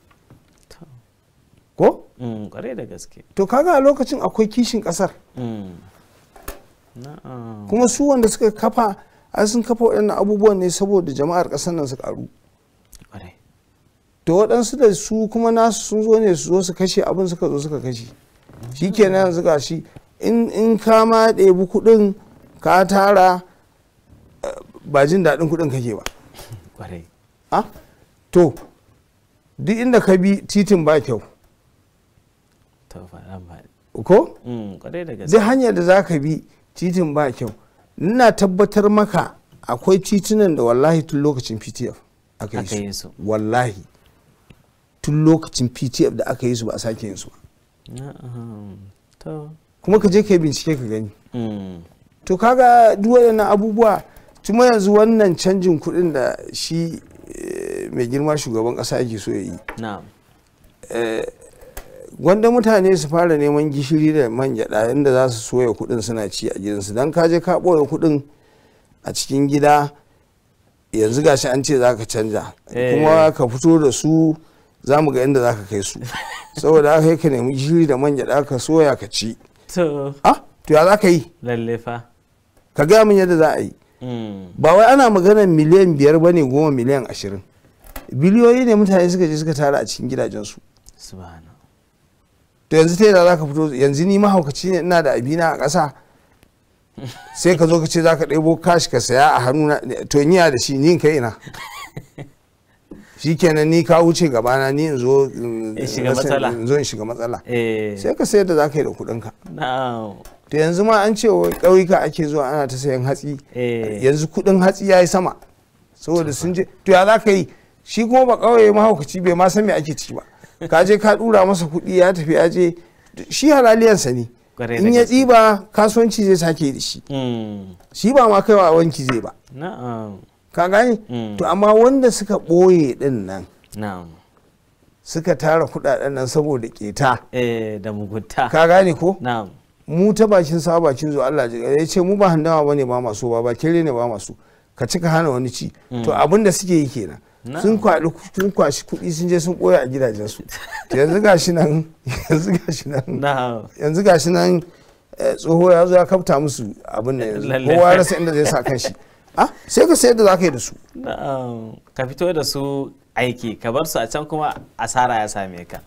ko kware mm, da gaske to kaga a lokacin akwai kishin kasar mm. kuma su wanda suka kafa ai sun kafa waɗannan abubuwan ne saboda jama'ar ƙasar nan su karu to waɗansu da su kuma nasu sun zo ne su zo su kashe abin suka zo suka kashe shi kenan yanzu ga shi in ka ma ɗebi kuɗin ka tara eh, ba jin daɗin kuɗin kake ba ah? to duk inda ka bi titin ba kyau ko zai mm, hanyar da za ka bi titin ba kyau ina tabbatar maka akwai titunan da wallahi tun lokacin ptf aka yi su wallahi tun lokacin ptf da aka yi su ba a sake yin su ba kuma ka je ka yi bincike ka gani mm. to kaga duk waɗannan abubuwa tuma yanzu wannan canjin kuɗin da shi eh, mai girma shugaban ƙasa yake so ya yi eh, gwanda mutane su fara neman gishiri da man gyaɗa inda za su soya kuɗin suna ci a gidansu don ka je ka ɓoye kuɗin a cikin gida yanzu gashi an ce za ka canja eh. kuma ka fito da su za mu ga yadda za ka kai su saboda aka yi ka nemi jiri da manja da aka soya ka ci to ya za ka yi lallefa ka gaya min yadda za a yi mm. ba wai ana magana miliyan biyar ba ne goma miliyan ashirin biliyoyi ne mutane suka je suka tara a cikin gidajensu to yanzu ta za ka fito yanzu ni mahaukaci ne ina da abina a ƙasa sai ka zo ka ce za ka ɗebo kashi ka saya a hannu na to da shi ni kai ina kenan ni ka wuce gabana ni in zo in shiga matsala in shiga matsala eh. sai ka sayar da ka yi da kuɗin ka to yanzu ma an ce ƙauyuka ake zuwa ana ta sayan hatsi eh. yanzu kuɗin hatsi ya yi sama saboda sun je to ya za ka yi shi kuma ba ƙauye mahaukaci bai ma san me ake ciki ba ka je ka ɗura masa kuɗi ya tafi ya je shi halaliyansa ne in ya tsiba kasuwanci zai sake da shi hmm. shi ba ma kaiwa wanki zai ba Na'am. ka gani mm. to amma wanda suka ɓoye din nan suka tara kudaden nan saboda keta eh, da mugunta ka gani ko mu ta bakin sa bakin zo Allah ya ce mu ba handawa bane ba masu ba bakire ne ba masu ka cika hana wani ci mm. to abin da suke yi kenan sun kwaɗi sun kwashi kuɗi sun je sun ɓoye a gidajensu yanzu gashi nan yanzu gashi nan yanzu gashi nan eh, tsoho ya zo ya kafta musu abin da yanzu kowa rasa inda zai sa kanshi ah sai ka sayar da zaka yi da su ka fito da su aiki ka bar su a can kuma asara ya same ka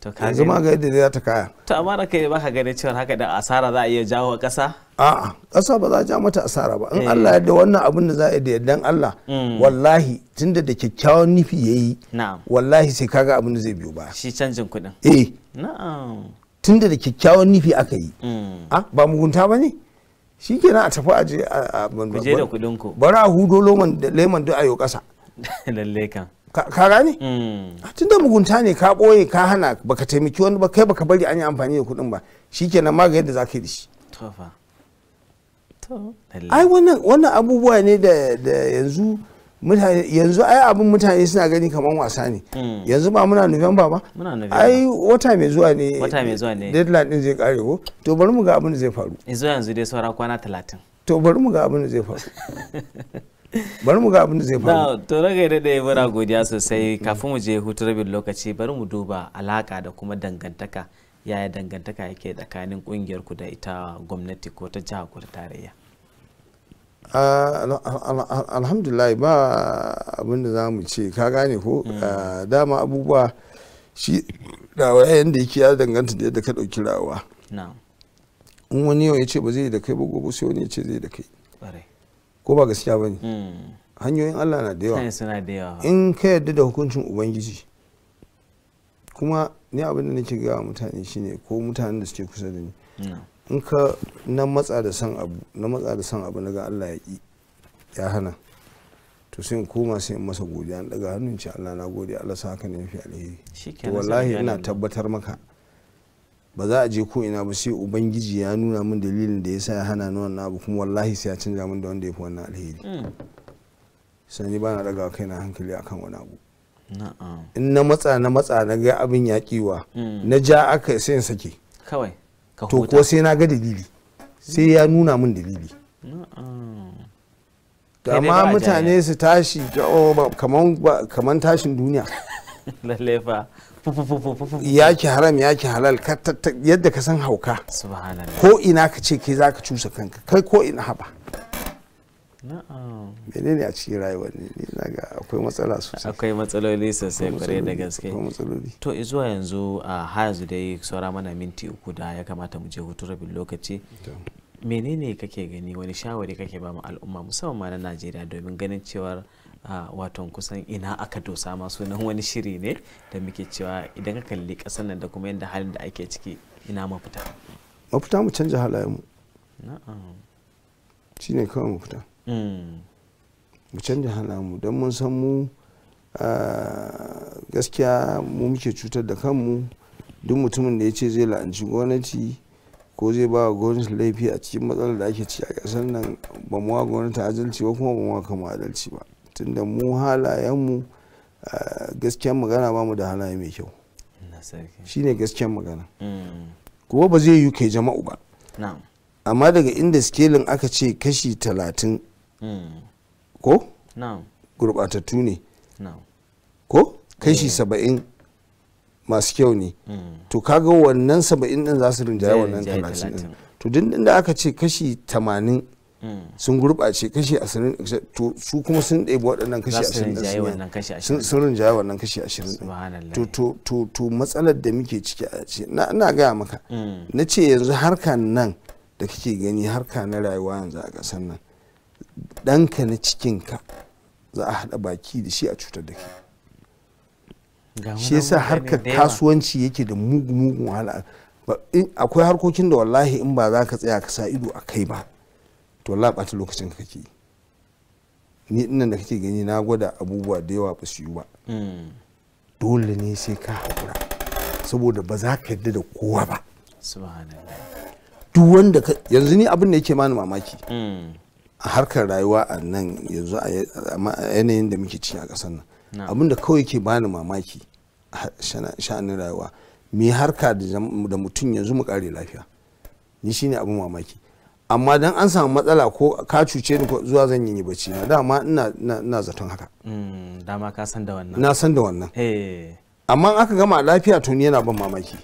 to ka yanzu ma ga yadda za ta kaya to amma da kai baka gane cewa haka da asara za a iya jawo a ƙasa a'a ƙasa ba za a ja mata asara ba in eh. Allah ya yarda wannan abin da za a yi da yardan Allah hmm. wallahi tunda da kyakkyawan nufi yayi na'am wallahi sai kaga abin da zai biyo ba shi canjin kuɗin eh na'am tunda da kyakkyawan nufi aka yi hmm. ah, ba mugunta ba ne shi kenan a tafi aje a je da kudin ku bari a hudo loman da lemon duk ayo kasa lalle kan ka gane mm. ah, tun da mugunta ne ka boye ka hana baka taimaki wani ba kai baka bari an yi amfani da kudin ba shi kenan ma ga yadda za ka yi da shi ai wannan abubuwa ne da yanzu mutane yanzu ai abin mutane suna gani kamar wasa ne hmm. yanzu ba muna november ba ai wata mai zuwa ne wata mai zuwa ne deadline din zai kare ko to bari mu ga abin da zai faru yanzu yanzu dai saura kwana 30 to bari mu ga abin da zai faru bari mu ga abin da zai faru to raga da dai muna godiya sosai kafin mu je hutu rabin lokaci bari mu duba alaka da kuma dangantaka yaya dangantaka yake tsakanin kungiyar ku da ita gwamnati ko ta jihar ko ta tarayya alhamdulillah ba abinda za mu ce ka gane ko mm. dama abubuwa shi rawa yadda yake ya danganta da yadda ka ɗauki rawa in wani yau ya ce ba zai da kai ba gobe sai wani ya ce zai da kai ko ba gaskiya ba ne mm. hanyoyin allah na da yawa in ka yarda da hukuncin ubangiji kuma ni abin da nake ga mutane shine ko mutanen da suke kusa da ni in ka na matsa da san abu na matsa da san abu na ga Allah ya ki ya hana to sai in koma sai in masa godiya an daga hannun ci Allah na gode Allah sa haka ne fi alheri to wallahi ina tabbatar maka ba za a je ko ina ba sai ubangiji ya nuna min dalilin da yasa ya hana ni wannan abu kuma wallahi sai ya canza min da wanda ya fi wannan alheri hmm. sai ni bana daga kaina hankali akan wani abu in na matsa na matsa na ga abin ya kiwa hmm. na ja aka sai in sake kawai to ko sai na ga dalili sai ya nuna min dalili amma mutane su tashi oh, kaman tashin duniya lallefa ya ki haram ya ki halal yadda ka san hauka ko ina ka ce ke za ka cusa kanka kai ko ina haba menene a cikin rayuwar ne ne na ga akwai matsala sosai akwai matsaloli sosai kwarai da gaske to zuwa yanzu a hazu dai saura mana minti uku da ya kamata mu je hutu rabin lokaci menene kake gani wani shawari kake ba mu al'umma musamman ma na najeriya domin ganin cewar waton kusan ina aka dosa ma sunan wani shiri ne da muke cewa idan ka kalli kasar nan da kuma yadda halin da ake ciki ina mafita mafita mu canja halayenmu shine kawai mafita mu canja halamu don mun san mu ah, gaskiya mu muke cutar da kanmu duk mutumin da ya ce zai la'anci gwamnati ko zai ba wa gwamnati laifi a cikin matsalar da ake ci a ƙasar nan ba mu gwamnati adalci ba kuma ba mu kama adalci ba tunda mu halayenmu ah, gaskiya magana ba mu da halaye mai kyau shine gaskiyar magana mm. kuma ba zai yi kai jama'u ba amma daga inda skelin aka ce kashi talatin ko gurɓatattu ne ko kai shi eh. saba'in masu kyau ne hmm. to kaga wannan saba'in din za su rinjaya wannan talatin din to dindin da aka ce kashi tamanin hmm. sun gurɓace kashi ashirin to su kuma sun ɗebi waɗannan kashi ashirin sun rinjaya wannan kashi ashirin to to to matsalar da muke ciki a ce na gaya maka hmm. na ce yanzu harka nan da kake gani harka na rayuwa yanzu a ƙasar nan ɗanka na cikinka za a haɗa baki da shi a cutar da kai shi yasa harkar kasuwanci yake da mugun wahala akwai harkokin da wallahi in ba za ka tsaya ka sa ido a kai ba to wallahi ɓata lokacin ka kake ni innan da kake gani na gwada abubuwa da yawa ba su yi ba hmm. dole ne sai ka haƙura saboda ba za ka yadda da kowa ba duk yanzu ni abin da yake mani mamaki hmm. harkar rayuwa a nan yanzu a yanayin da muke ciki a ƙasar nan abin da kawai ke bani mamaki sha'anin rayuwa mai harka da mutum yanzu mu kare lafiya ni shine abin mamaki amma dan an samu matsala ko ka cuce ni zuwa zan yi bacci na dama ina zaton haka mm, dama ka san da wannan na san da wannan amma aka gama lafiya to ni yana ban mamaki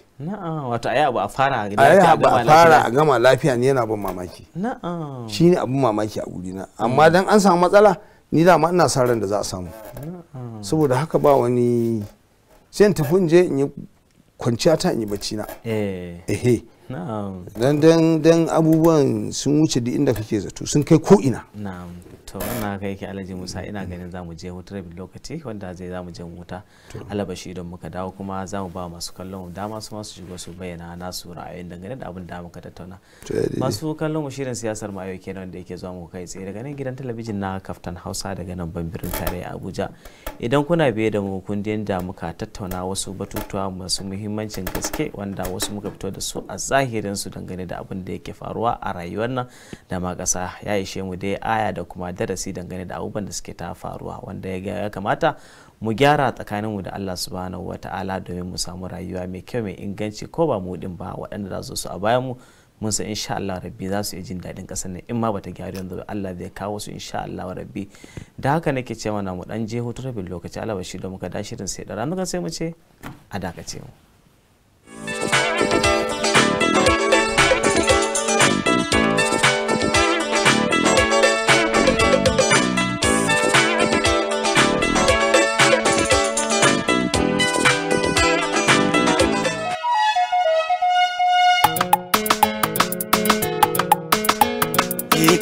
wato ayi abu a fara a fara a gama lafiya ne yana ban mamaki shi shine abin mamaki a guri na amma dan an samu matsala ni dama ina sa ran da za a samu saboda haka ba wani sai in tafi in je in yi kwanciya ta in yi bacci na eh. ehe dan dan abubuwan sun wuce duk inda kake zato sun kai ko ina to wannan haka yake alhaji musa ina ganin za mu je hutu rabin lokaci wanda zai za mu je mu huta alabashi idan muka dawo kuma za mu ba masu kallon dama su masu shigo su bayyana nasu ra'ayoyin dangane da abin da muka tattauna masu kallon mu shirin siyasar mayo kenan wanda yake zuwa mu kai tsaye daga nan gidan talabijin na kaftan hausa daga nan bambirin tarayya abuja idan kuna biye da mu kun da muka tattauna wasu batutuwa masu muhimmancin gaske wanda wasu muka fito da su a zahirin su dangane da abin da yake faruwa a rayuwar nan da ma ƙasa ya ishe mu dai aya da kuma darasi dangane da abubuwan da suke ta faruwa wanda ya ga kamata mu gyara tsakanin mu da Allah subhanahu wa ta'ala domin mu samu rayuwa mai kyau mai inganci ko ba mu din ba waɗanda za su a bayan mu mun san insha Allah rabbi za su yi jin daɗin ƙasar nan in ma bata gyaru yanzu Allah zai kawo su insha Allah rabbi da haka nake ce mana mu dan je hutu rabin lokaci Allah shi da muka da shirin sai da ranar sai mu ce a dakace mu.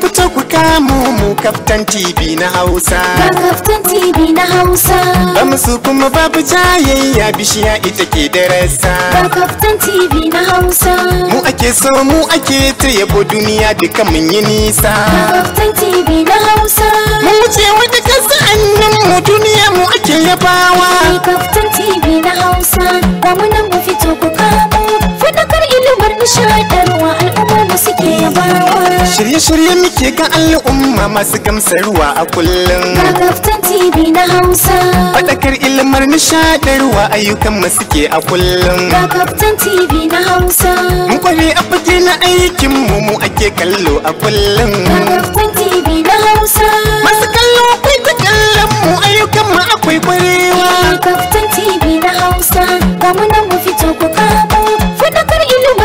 ku ku kamo mu kaftan TV na Hausa. Kaftan TV na Hausa. Ba musu kuma babu jayayya bishiya ita ke darasa. Kaftan TV na Hausa. Mu ake so mu ake ta yabo duniya duka mun yi nisa. Kaftan TV na Hausa. Mu wuce wata kasa annan mu duniya mu ake yabawa. Kaftan TV na Hausa. Ba mu nan mu fito ku kamo. inuwar nishadarwa al'umma mu suke yabawa shirye-shirye muke ga al'umma masu gamsarwa a kullum gagaftan tv na hausa faɗakar ilmar nishaɗarwa ayyukan mu suke a kullum gagaftan tv na hausa mu kware a fage na aikin mu mu ake kallo a kullum gagaftan tv na hausa masu kallo akwai ta kallon mu ayyukan mu akwai kwarewa gagaftan tv na hausa ga mu nan mu fito ku kama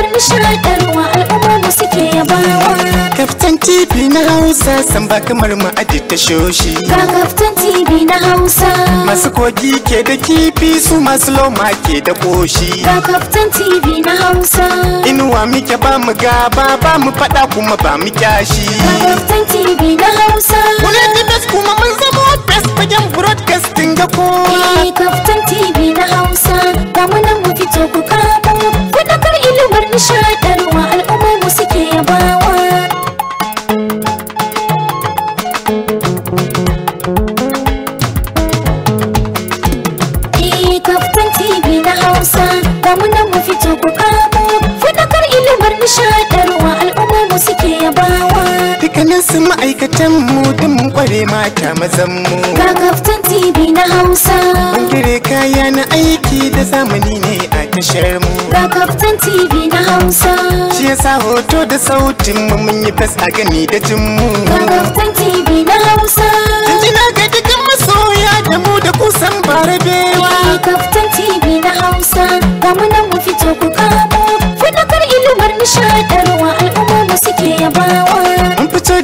bar nishaɗarwa al'umma mu suke yabawa kaftan tv na hausa san ba kamar mu aji ta shoshi ga kaftan tv na hausa masu kogi ke da kifi su masu loma ke da koshi ga kaftan tv na hausa inuwa muke ba mu gaba ba mu faɗa kuma ba mu kyashi ga kaftan tv na hausa muna da best kuma mun zama best fagen broadcasting ga kowa eh kaftan tv na hausa ga mu nan mu fito ku kaba matukar nishadarwa al'ummar mu suke yabawa Kaftan eh, TV na Hausa, ga mu nan mu fito ku kamo, fadakar ilimar nishadarwa. dukkanin su ma'aikatan mu dun mun kware mata mazan mu kakaftan tv na hausa bangare kaya na aiki da zamani ne a tashar mu kakaftan tv na hausa shi yasa hoto da sautin mu mun yi fes a gani da jin mu kakaftan tv na hausa jinjina ga dukkan masoya da mu da kusan barabewa kakaftan tv na hausa ga mu nan mu fito ku kamo fadakar ilimar nishadarwa al'umma mu suke yabawa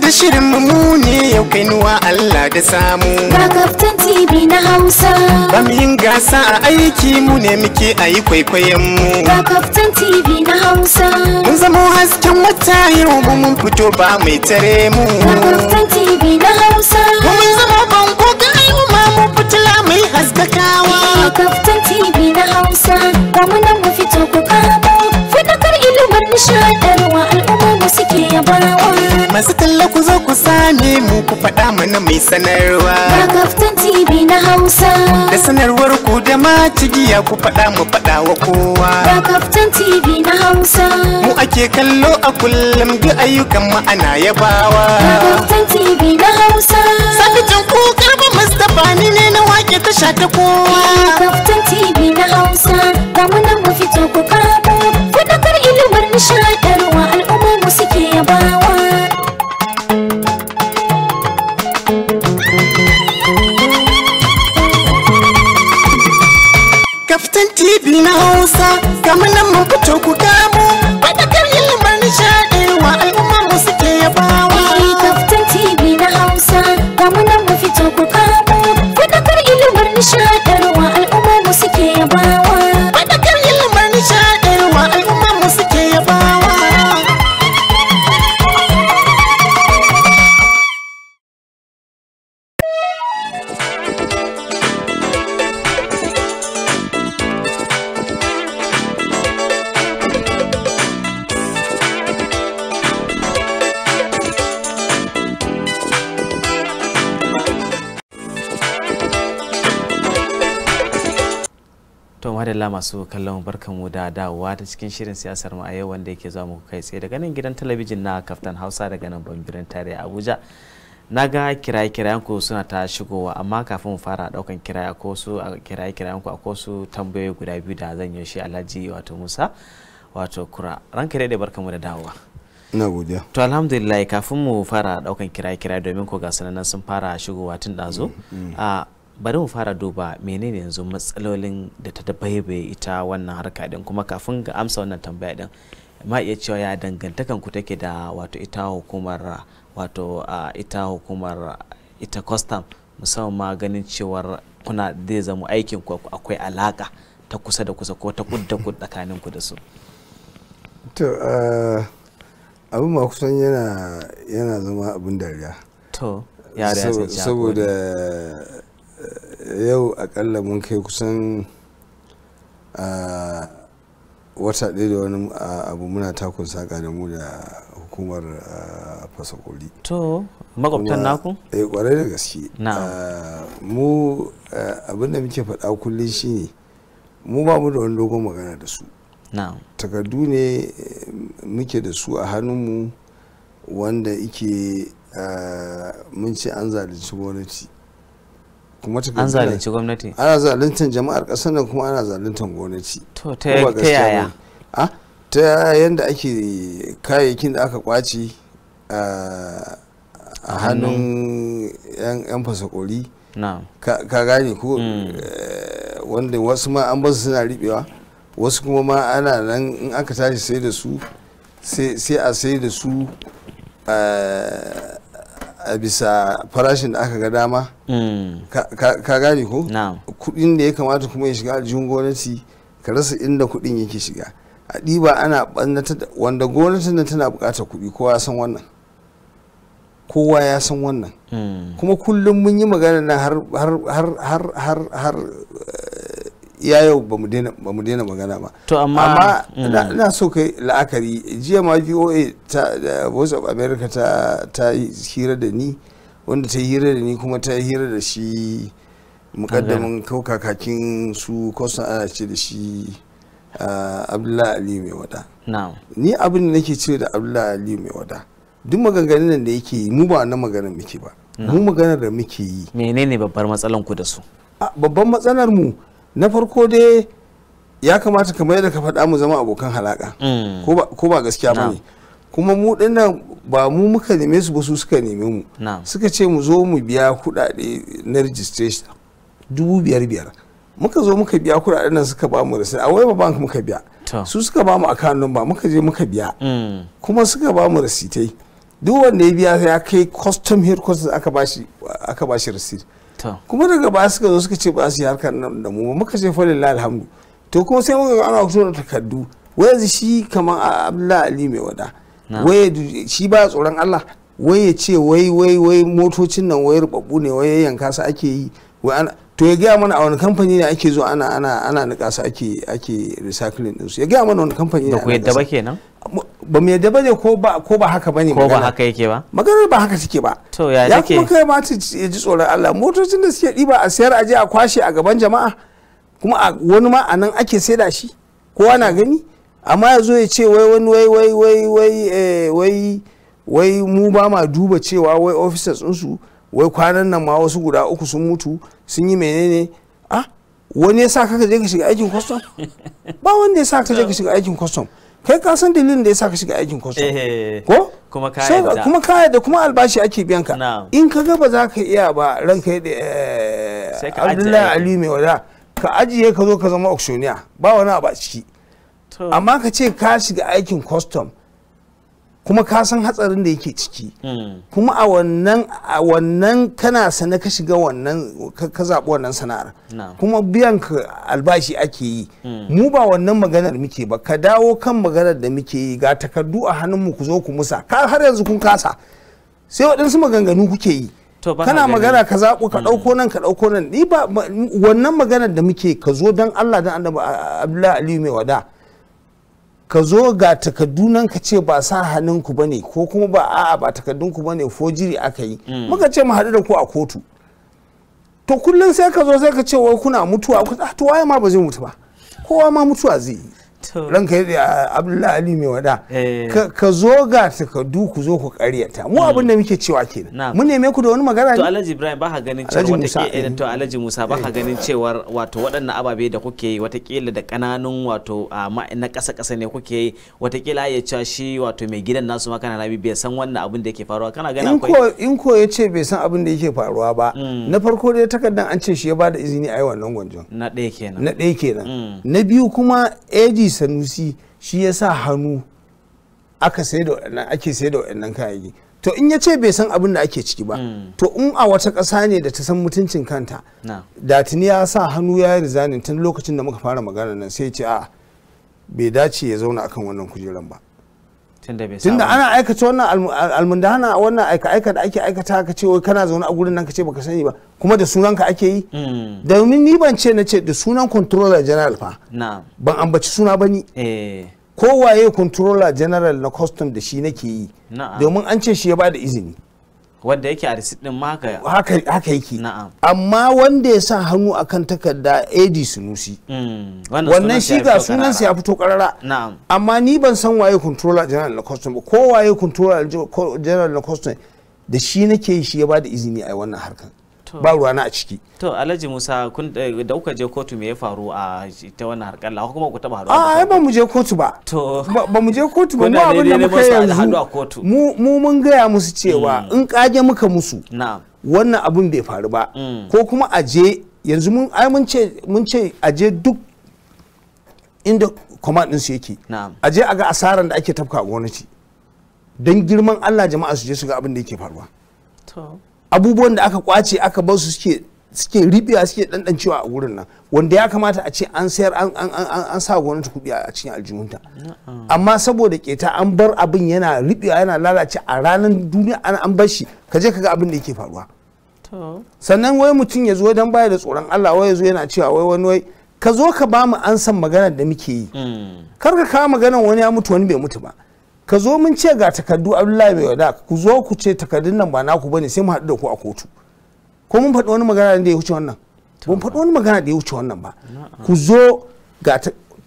da shirin mu ne yau kai nuwa Allah da samu ga kaftan TV na Hausa ba mu yin gasa a aiki mu ne muke ayi kwaikwayon mu ga kaftan TV na Hausa mun zama hasken wata yau mu mun fito ba mai tare mu ga kaftan TV na Hausa mun zamo bango ga ayu ma mu fitila mai haskakawa ga kaftan TV na Hausa ba mu nan mu fito ku kamo fadakar ilimin nishadarwa al'umma mu suke yabawa masu talla ku zo ku same mu ku faɗa mana mai sanarwa ga kaftan tv na hausa da sanarwar ku da ma cigiya ku faɗa mu faɗa wa kowa ga kaftan tv na hausa mu ake kallo a kullum duk ayyukan mu ana yabawa ga kaftan tv na hausa sabijin ku karba mustapha ni ne na wake tasha ta kowa kaftan tv na hausa ga mu nan mu fito ku karbo fadakar ilimar nishaɗi Kaftan TV na Hausa, kamar nan mun fito ku kamo. Allah masu kallon barkanmu da dawowa ta cikin shirin siyasar mu a yau wanda yake zuwa muku kai tsaye daga nan gidan talabijin na kaftan hausa daga nan bambirin a abuja na ga kiraye-kirayen ku suna ta shigowa amma kafin mu fara daukan kiraye ko su kiraye-kirayen ku akwai su tambayoyi guda biyu da zan yi shi alhaji wato musa wato kura ranka dai barkanmu da dawowa na godiya to alhamdulillah kafin mu fara daukan kiraye-kiraye domin ko ga sanannen sun fara shigowa tun dazo mm, mm. a ah, bari mu fara duba menene yanzu matsalolin da ta dabaibaye ita wannan harka din kuma kafin ga amsa wannan tambaya din ma iya cewa ya dangantakan ku take da wato ita hukumar wato ita hukumar ita custom musamman ma ganin cewar kuna zai zama aikin ku akwai alaka ta kusa da kusa ko ta kudda ku tsakanin ku da su to abin ma kusan yana yana zama abin dariya to ya saboda yau akalla mun kai kusan wata ɗaya da wani abu muna takun saƙa da mu da hukumar fasakoli to makwabtan naku? eh kwarai da gaske mu abinda muke faɗa kullum shine mu ba mu da wani dogon magana da su takardu ne eh, muke da su a hannunmu wanda ike mun ce an zalunci gwamnati kuma ta an zalunci gwamnati ana zaluntar jama'ar ƙasar nan kuma ana zaluntar gwamnati to ta yaya a ta yanda ake kayayyakin da aka kwaci a hannun yan fasakori ka gane ko mm. eh, wanda wasu ma an basu suna riɓewa wasu kuma ma ana nan in aka tashi sai da su sai a sai da su eh, a bisa farashin da aka ga dama hmm. ka gane ko kudin da ya kamata kuma ya shiga aljihun gwamnati ka rasa inda kudin yake shiga a ɗiba ana ɓannata wanda gwamnatin nan tana buƙatar kuɗi kowa ya san wannan kowa ya san wannan hmm. kuma kullum mun yi magana nan har har har ya yau ba mu daina magana ba to amma mm. ina so kai la'akari jiya ma voa ta voice of america ta ta hira da ni wanda ta hira da ni kuma ta hira da shi mukaddamin kau kakakin su kwasa ana ce da shi ah, abdullahi ali mai wada ni abin da nake ce da abdullahi ali mai wada duk maganganun da yake yi mu ba na maganar muke ba mu maganar da muke yi menene babbar matsalan ku da su babban matsalar mu na farko dai ya kamata kamar yadda ka faɗa mu zama abokan halaka mm. ko ba gaskiya ba ne kuma mu dinnan ba mu muka neme su ba su suka neme mu suka ce mu zo mu biya kuɗaɗe na registration dubu biyar biyar muka zo muka biya kuɗaɗen nan suka ba mu receipt a ba bank muka biya su suka ba mu account number muka je muka biya mm. kuma suka ba mu rasitai duk wanda ya biya ya kai custom headquarters aka bashi aka bashi receipt kuma daga ba suka zo suka ce ba su yi harkar nan da mu muka ce falin alhamdu to kuma sai muka ana fito da takardu wai shi kamar abdullahi ali mai wada wai shi ba tsoron allah wai ya ce wai wai wai motocin nan wai rubabbu ne wai yanka su ake yi to ya gaya mana a wani kamfani ne ake zo ana ana ana nika su ake ake recycling din su ya gaya mana wani kamfani ne da ku yadda ba kenan ba mu yadda bane ko ba ko ba haka bane ko ba haka yake ba maganar ba haka suke ba to ya yake ya kuma kai ma ta ji tsoron Allah motocin da suke diba a sayar aje a kwashe a gaban jama'a kuma a wani ma anan ake saida shi kowa na gani amma ya zo ya ce wai wani wai wai wai wai eh, wai wai mu ba ma duba cewa wai officers su wai kwanan nan ma wasu guda uku sun mutu sun yi menene ah wani ya sa kaka je ka shiga aikin custom ba wanda ya sa ka je ka shiga aikin custom kai ka san dalilin da ya sa ka shiga aikin kwastam eh, eh, eh. ko kuma ka da kuma ka da kuma albashi ake biyan ka in ka ga ba za ka iya ba ranka da Abdullahi Ali mai wada ka ajiye ka zo ka zama auctioneer ba wani abu a amma ka ce ka shiga aikin kwastam kuma ka san hatsarin da yake ciki hmm. kuma a wannan a wannan kana sane ka shiga wannan ka zaɓi wannan sana'ar kuma biyan ka albashi ake yi hmm. mu ba wannan maganar muke ba ka dawo kan maganar da muke yi ga takardu a hannun mu ku zo ku musa ka har yanzu kun kasa sai waɗansu maganganu kuke yi kana magana ka zaɓo ka hmm. ɗauko nan ka ɗauko nan ni ba wannan maganar da muke ka zo don Allah don Annabi Abdullahi Aliyu mai wada ka zo ga takaddunan ka ce ba sa hannunku ba ne ko kuma ba a'a ba takaddunku ba ne fojiri aka yi hmm. muka ce mu haɗu da ku a kotu to kullum sai ka zo sai ka ce wai kuna mutuwa ku ah, to waye ma ba zai mutu ba kowa ma mutuwa zai yi ranka yaɗe abdullahi ali mai wada eh. ka zo ga takardu ku zo ku karyata mu hmm. abin da muke cewa kenan mun neme ku da wani magana to alhaji ibrahim ba ka ganin cewa wata to alhaji musa ba ka eh. ganin cewa wato waɗannan ababe da kuke yi wata kila da kananun wato na ƙasa ƙasa ne kuke yi wata kila ya cewa shi wato mai gidan nasu ma kana rabi bai san wannan abin da yake faruwa kana gana akwai in ko ya ce bai san abin da yake faruwa ba hmm. na farko dai takardar an ce shi ya ba da izini a yi wannan gwanjon na ɗaya kenan na ɗaya kenan hmm. na biyu kuma AG sanusi shi ya sa hannu aka sai da waɗannan ake sai da waɗannan kayayyaki to in ya ce bai san abin da ake ciki ba hmm. to in a wata ƙasa ne da ta san mutuncin kanta da tuni ya sa hannu ya yi rizanin tun lokacin da muka fara magana nan sai ce a bai dace ya zauna akan wannan kujeran ba tunda ana aikata wannan almundana wannan aika aika da ake aikata ka ce wai kana zaune a gurin nan ka ce baka sani ba kuma da sunanka ake yi mm. domin ni ban ce na ce da sunan controller general fa ban ambaci suna ba ni eh. kowaye controller general na custom da shi nake yi domin an ce shi ya ba da izini wanda yake a risit din maka haka haka yake na'am amma wanda ya sa hannu akan takarda AD Sunusi hmm, wannan shi ga sunan sa ya fito karara na'am amma ni ban san waye controller general na custom ba ko waye controller general na custom da shi nake shi ya bada izini a wannan harkan ba ruwa na a ciki to alhaji musa kun eh, da kuka je kotu me ya faru a ta wannan harkar la kuma ku taba haɗuwa a ba mu je kotu ba to ba mu je kotu ba mu abin da muka yanzu mu mun gaya musu cewa mm. in kage muka musu wannan abun bai faru ba mm. ko kuma a je yanzu mun ai mun ce mun ce a je duk inda command din su yake a je a ga asaran da ake tafka a gwamnati don girman Allah jama'a su je su ga abin da yake faruwa abubuwan da aka kwace aka bar su suke suke riɓewa suke ɗanɗancewa a wurin nan wanda ya kamata a ce an sayar an sa gwamnati kuɗi a cikin aljihunta amma saboda keta an bar abin yana riɓewa yana lalace a ranan duniya an bar shi ka je ka ga abin da yake faruwa sannan wai mutum ya zo dan baya da tsoron Allah wai ya zo yana cewa wai wani wai ka zo ka bamu mu an san maganar da muke yi mm. kar ka kawo maganar wani ya mutu wani bai mutu ba ka zo mun ce ga takardu abdullahi mai wada ku zo ku ce takardun nan ba naku bane sai mu haɗu da ku a kotu ko mun faɗi wani magana da ya wuce wannan mun faɗi wani magana da ya wuce wannan ba ku zo ga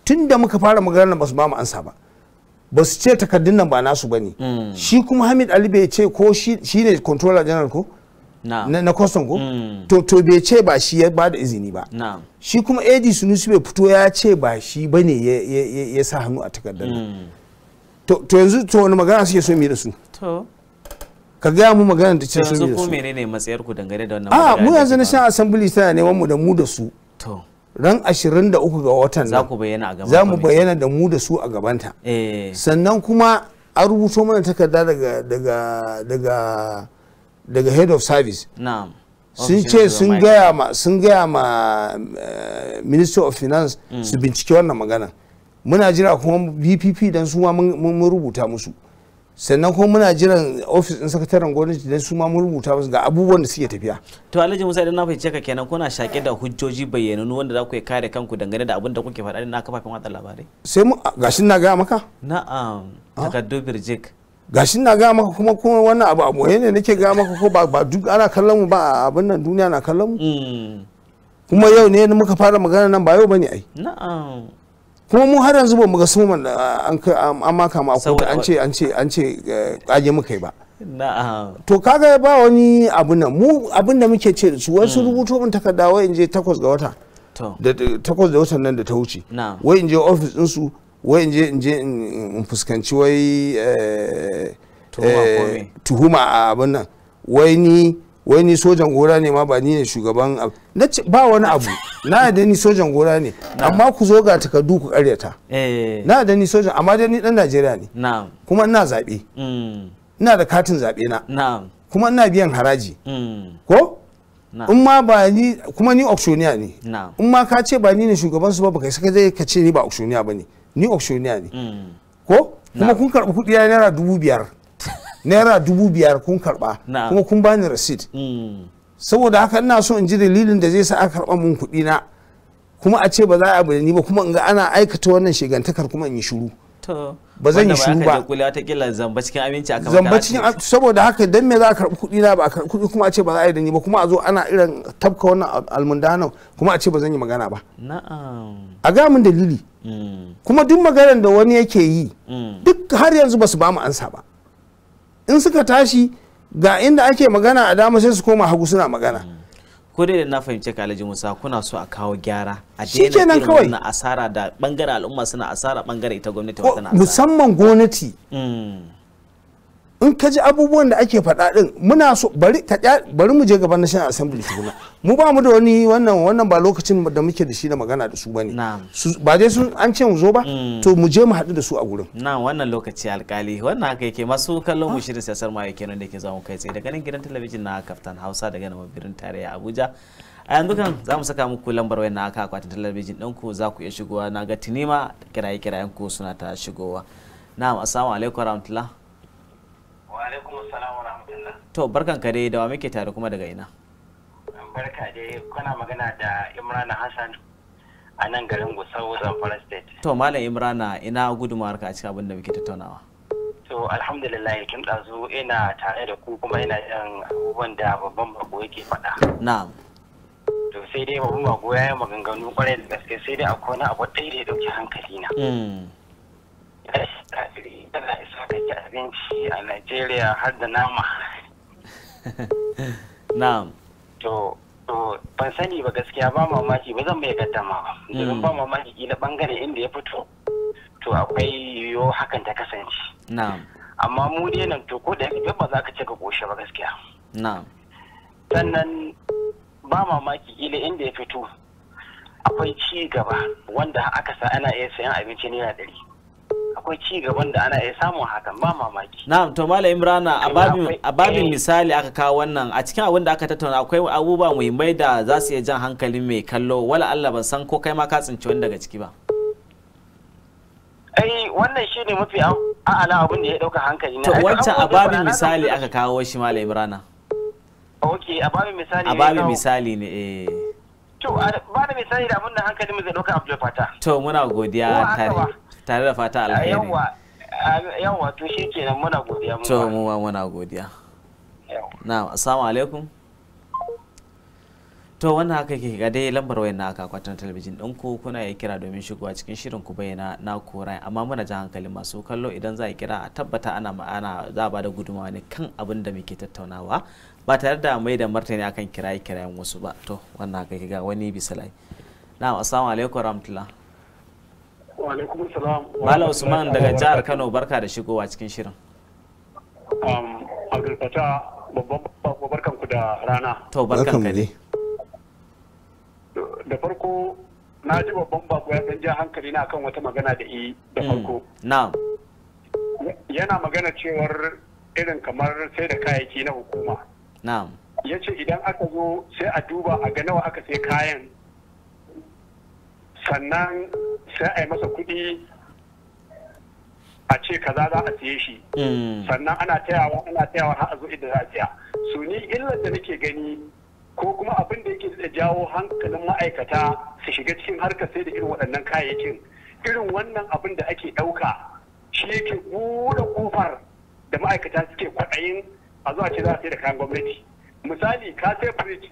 tun da muka fara magana ba su ba mu ansa ba ba su ce takardun nan ba nasu bane mm. shi kuma hamid ali bai ce ko shi ne controller general ko na kwastan ko mm. to to bai ce ba shi ya ba da izini ba shi kuma ad sunusi bai fito ya ce ba shi bane ya sa hannu a takardar mm. to yanzu to wani magana suke so mu da su to ka gaya mu magana da ce so mu da su yanzu ko menene matsayar ku dangane da wannan ah, a mu yanzu na shan assembly tana neman mu da mu da su to ran 23 ga watan za ku bayyana a gaban za mu bayyana da mu da su a gabanta eh sannan kuma an rubuto mana takarda daga daga daga daga head of service na'am sun ce sun gaya ma sun gaya ma eh, minister of finance mm. su bincike wannan magana muna jira kuma bpp dan su ma mun rubuta musu sannan kuma muna jiran ofis din sakataren gwamnati dan su ma mun rubuta musu ga abubuwan da suke tafiya to alhaji musa idan na fahimci ka kenan kuna shaƙe da hujjoji bayyananu wanda za ku yi kare kanku dangane da abin da kuke faɗa na kafafen watsa labarai sai mu gashin na ga maka na'am ah. takardu birjik gashin na ga maka kuma kuma wannan abu abu ne nake ga maka ko ba duk ana kallon mu ba abin nan duniya na kallon mu mm. kuma yau ne muka fara magana nan ba yau bane ai na'am kuma mu har yanzu bamu ga suman an maka mu a an ce an ce an ce eh, kage mu kai ba to kaga ba wani abu nan mu abin da muke ce da su wasu mm. rubuto mun takarda wai in je takwas ga wata da takwas da watan nan da ta wuce wai in je office din su wai in je in je in fuskanci wai eh, eh, tuhuma a abin nan wai ni wai ni sojan gora ne ma ba ni ne shugaban na ce ba wani abu na da ni sojan gora ne amma ku zo ga takardu ku karyata eh. na da ni sojan amma da ni dan Najeriya ne kuma ina zabe mm. ina da katin zabe na kuma ina biyan haraji mm. ko in ma ba ni kuma ni auctioneer ne in ma ka ce ba ni ne shugaban su ba baka saka dai ka ce ni ba auctioneer bane ni auctioneer ne mm. ko kuma kun karbi kudi naira dubu biyar naira dubu biyar kun karba kuma kun bani receipt hmm. saboda haka ina so in ji dalilin da zai sa aka karba mun kuɗi na kuma a ce ba za a abu ni ba kuma in ga ana aikata wannan shigantakar kuma in yi shiru ba zan yi shiru ba zamba cikin aminci zamba cikin saboda haka dan me za a karbi kuɗi na ba a karbi kuɗi kuma a ce ba za a yi da ni ba kuma a zo ana irin tabka wannan almundano kuma a ce ba zan yi magana ba na'am a ga mun dalili hmm. kuma duk maganar da wani yake yi hmm. duk har yanzu ba su ba mu ansa ba in suka tashi ga inda ake magana a dama sai su koma hagu suna magana ko dai na fahimci ka alhaji musa kuna so a kawo gyara a daina irin asara da bangare al'umma suna asara bangare ita gwamnati na asara musamman gwamnati mm. in ka ji abubuwan da ake faɗa ɗin muna so bari bari mu je gaban national assembly tukuna mu ba mu da wani wannan wannan ba lokacin da muke da shi da magana da su bane ba dai sun an ce mu zo ba mm. to mu je mu haɗu da su a gurin na wannan lokaci alkali wannan haka yake masu kallon mu shirin siyasar ma yake nan da ke zamu kai tsaye daga nan gidan talabijin na kaftan hausa daga nan birnin tarayya abuja a yanzu kan za mu saka muku lambar wayar na aka akwatin talabijin ɗinku za ku iya shigowa na ga tinima kiraye kirayen ku suna ta shigowa na'am assalamu alaikum warahmatullahi Wa alaikum wa rahmatullah. To barkan ka dai da wa muke tare kuma daga ina? Barka dai kuna magana da Imran Hassan a nan garin Gusau Zamfara State. To Malam Imrana ina gudunmawar ka a cikin abin da muke tattaunawa. To alhamdulillah kin dazu ina tare da ku kuma ina yin abubuwan da babban mako yake faɗa. Na'am. To sai dai babban mako ya yi maganganu kwarai da gaske sai dai akwai wani abu ɗaya da ya ɗauki hankali na. Mm. tashi kafiri yana isa ka ci abinci a Najeriya har da nama. Na'am. To, to ban sani ba gaskiya ba mamaki ba zan bai gaddama ba. Hmm. Domin ba mamaki kila bangare inda ya fito. To akwai yiwuwa hakan ta kasance. Na'am. Amma mu dai nan to ko da ba za ka ce ka koshe ba gaskiya. Na'am. Sannan ba mamaki kila inda ya fito akwai ci gaba wanda aka sa ana iya sayan abinci naira ɗari akwai ci gaban da ana iya samun hakan ba mamaki na'am to malam imrana a babin eh. misali aka kawo wannan a cikin abin da aka tattauna akwai abubuwa muhimmai da za su iya jan hankalin mai kallo wala Allah ban san ko kai ma ka tsinci wani daga ciki ba ai wannan ne mafi a'ala abin da ya dauka hankali na wancan a babin misali aka kawo shi malam imrana ok a babin misali a babin misali ne eh to ba da misali da abin da hankali mu zai dauka abdul fata to muna godiya tare tare da fata alheri yawa yawa to shi ke nan muna godiya mu to mu ma muna godiya na assalamu alaikum to wannan haka ke ga dai lambar wayar na aka kwatan talabijin din ku kuna ya kira domin shigowa cikin shirin ku bayyana na korai amma muna jan hankalin masu kallo idan za a kira a tabbata ana ma'ana za a bada gudunmawa ne kan abin da muke tattaunawa ba tare da mai da martani akan kiraye kirayen wasu ba to wannan haka ke ga wani bisalai na assalamu alaikum warahmatullahi Alaikum salam. Usman daga jihar Kano barka da shigowa cikin shirin. Um, Abdul Fata babban barkan ku da rana. To barkan ka ne. Da farko na ji babban bako ya dan ja hankali na kan wata magana da yi da mm, farko. Na'am. Yana magana cewar irin kamar sai da kayayyaki na hukuma. Na'am. Ya ce idan aka zo sai a duba a ga nawa aka sai kayan sannan sai a yi masa kuɗi a ce kaza za a siye shi hmm. sannan ana tayawa ana tayawa har a zo inda za a siya su ni illar da nake gani ko kuma abin da yake da jawo hankalin ma'aikata su shiga cikin harkar sai da irin waɗannan kayayyakin irin wannan abin da ake ɗauka shi yake buɗe kofar da ma'aikata suke kwaɗayin a zuwa ce za a sai da kayan gwamnati misali ka sai fridge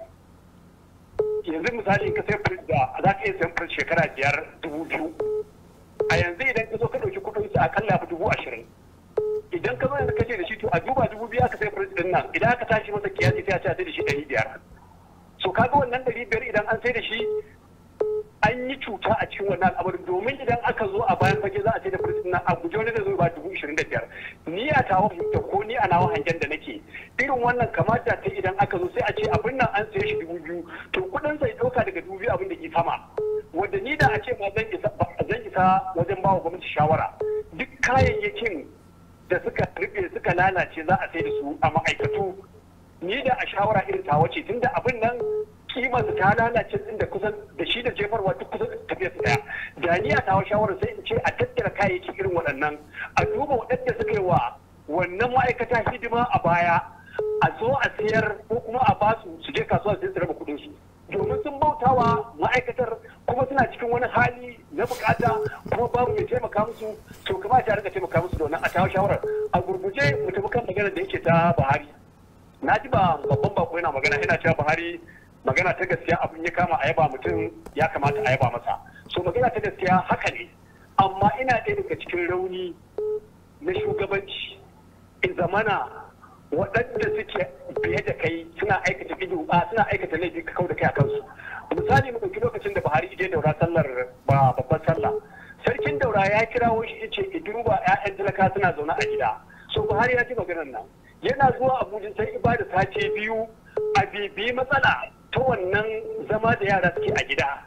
yanzu misali ka sai firij da za ka iya sayan firij shekara biyar dubu biyu a yanzu idan ka zo ka ɗauki kuɗin su akalla fi dubu ashirin idan ka zo yanzu kace da shi to a duba dubu biyu aka sai firij ɗin nan idan aka tashi masa kiyasi sai a ce a sai da shi ɗari biyar so ga wannan ɗari biyar idan an sai da shi an yi cuta a cikin wannan al'amarin domin idan aka zo a bayan fage za a ce da firist na a guje wani da zo ba dubu ishirin da biyar ni a tawa da ko ni a nawa hangen da nake irin wannan kamata ta idan aka zo sai a ce abin nan an saye shi dubu biyu to kuɗin sai ɗauka daga dubu biyu abin da ke sama wanda ni da a ce ma zan isa wajen bawa gwamnati shawara duk kayayyakin da suka rufe suka lalace za a sai da su a ma'aikatu ni da a shawara irin tawa ce tunda abin nan kimar ta lalace din da kusan da shi da jefarwa duk kusan tafiya su daya da ni a tawo shawarar sai in ce a tattara kayayyaki irin waɗannan a duba waɗanda suka yi wa wannan ma'aikata hidima a baya a zo a siyar ko kuma a basu su je kasuwa su su raba kuɗin su domin sun bautawa ma'aikatar kuma suna cikin wani hali na bukata kuma babu mai taimaka musu to kamata a rika taimaka musu da a tawo shawarar a gurguje mu tafi kan maganar da yake ta Buhari na ji ba babban bako yana magana yana cewa Buhari magana ta gaskiya abin ya kama a yaba mutum ya kamata a yaba masa so magana ta gaskiya haka ne amma ina ɗaya daga cikin rauni na shugabanci in zamana waɗanda suke biye da kai suna aikata bidiyo a suna aikata laifi ka kau da kai a kansu misali mu ɗauki lokacin da Buhari ije daura sallar ba babban sallah sarkin daura ya wani shi yace ki duba ƴaƴan talaka suna zaune a gida so Buhari ya ci maganar nan yana zuwa Abuja sai ibada ta ce biyu a bibi matsala ta wannan zama da yara suke a gida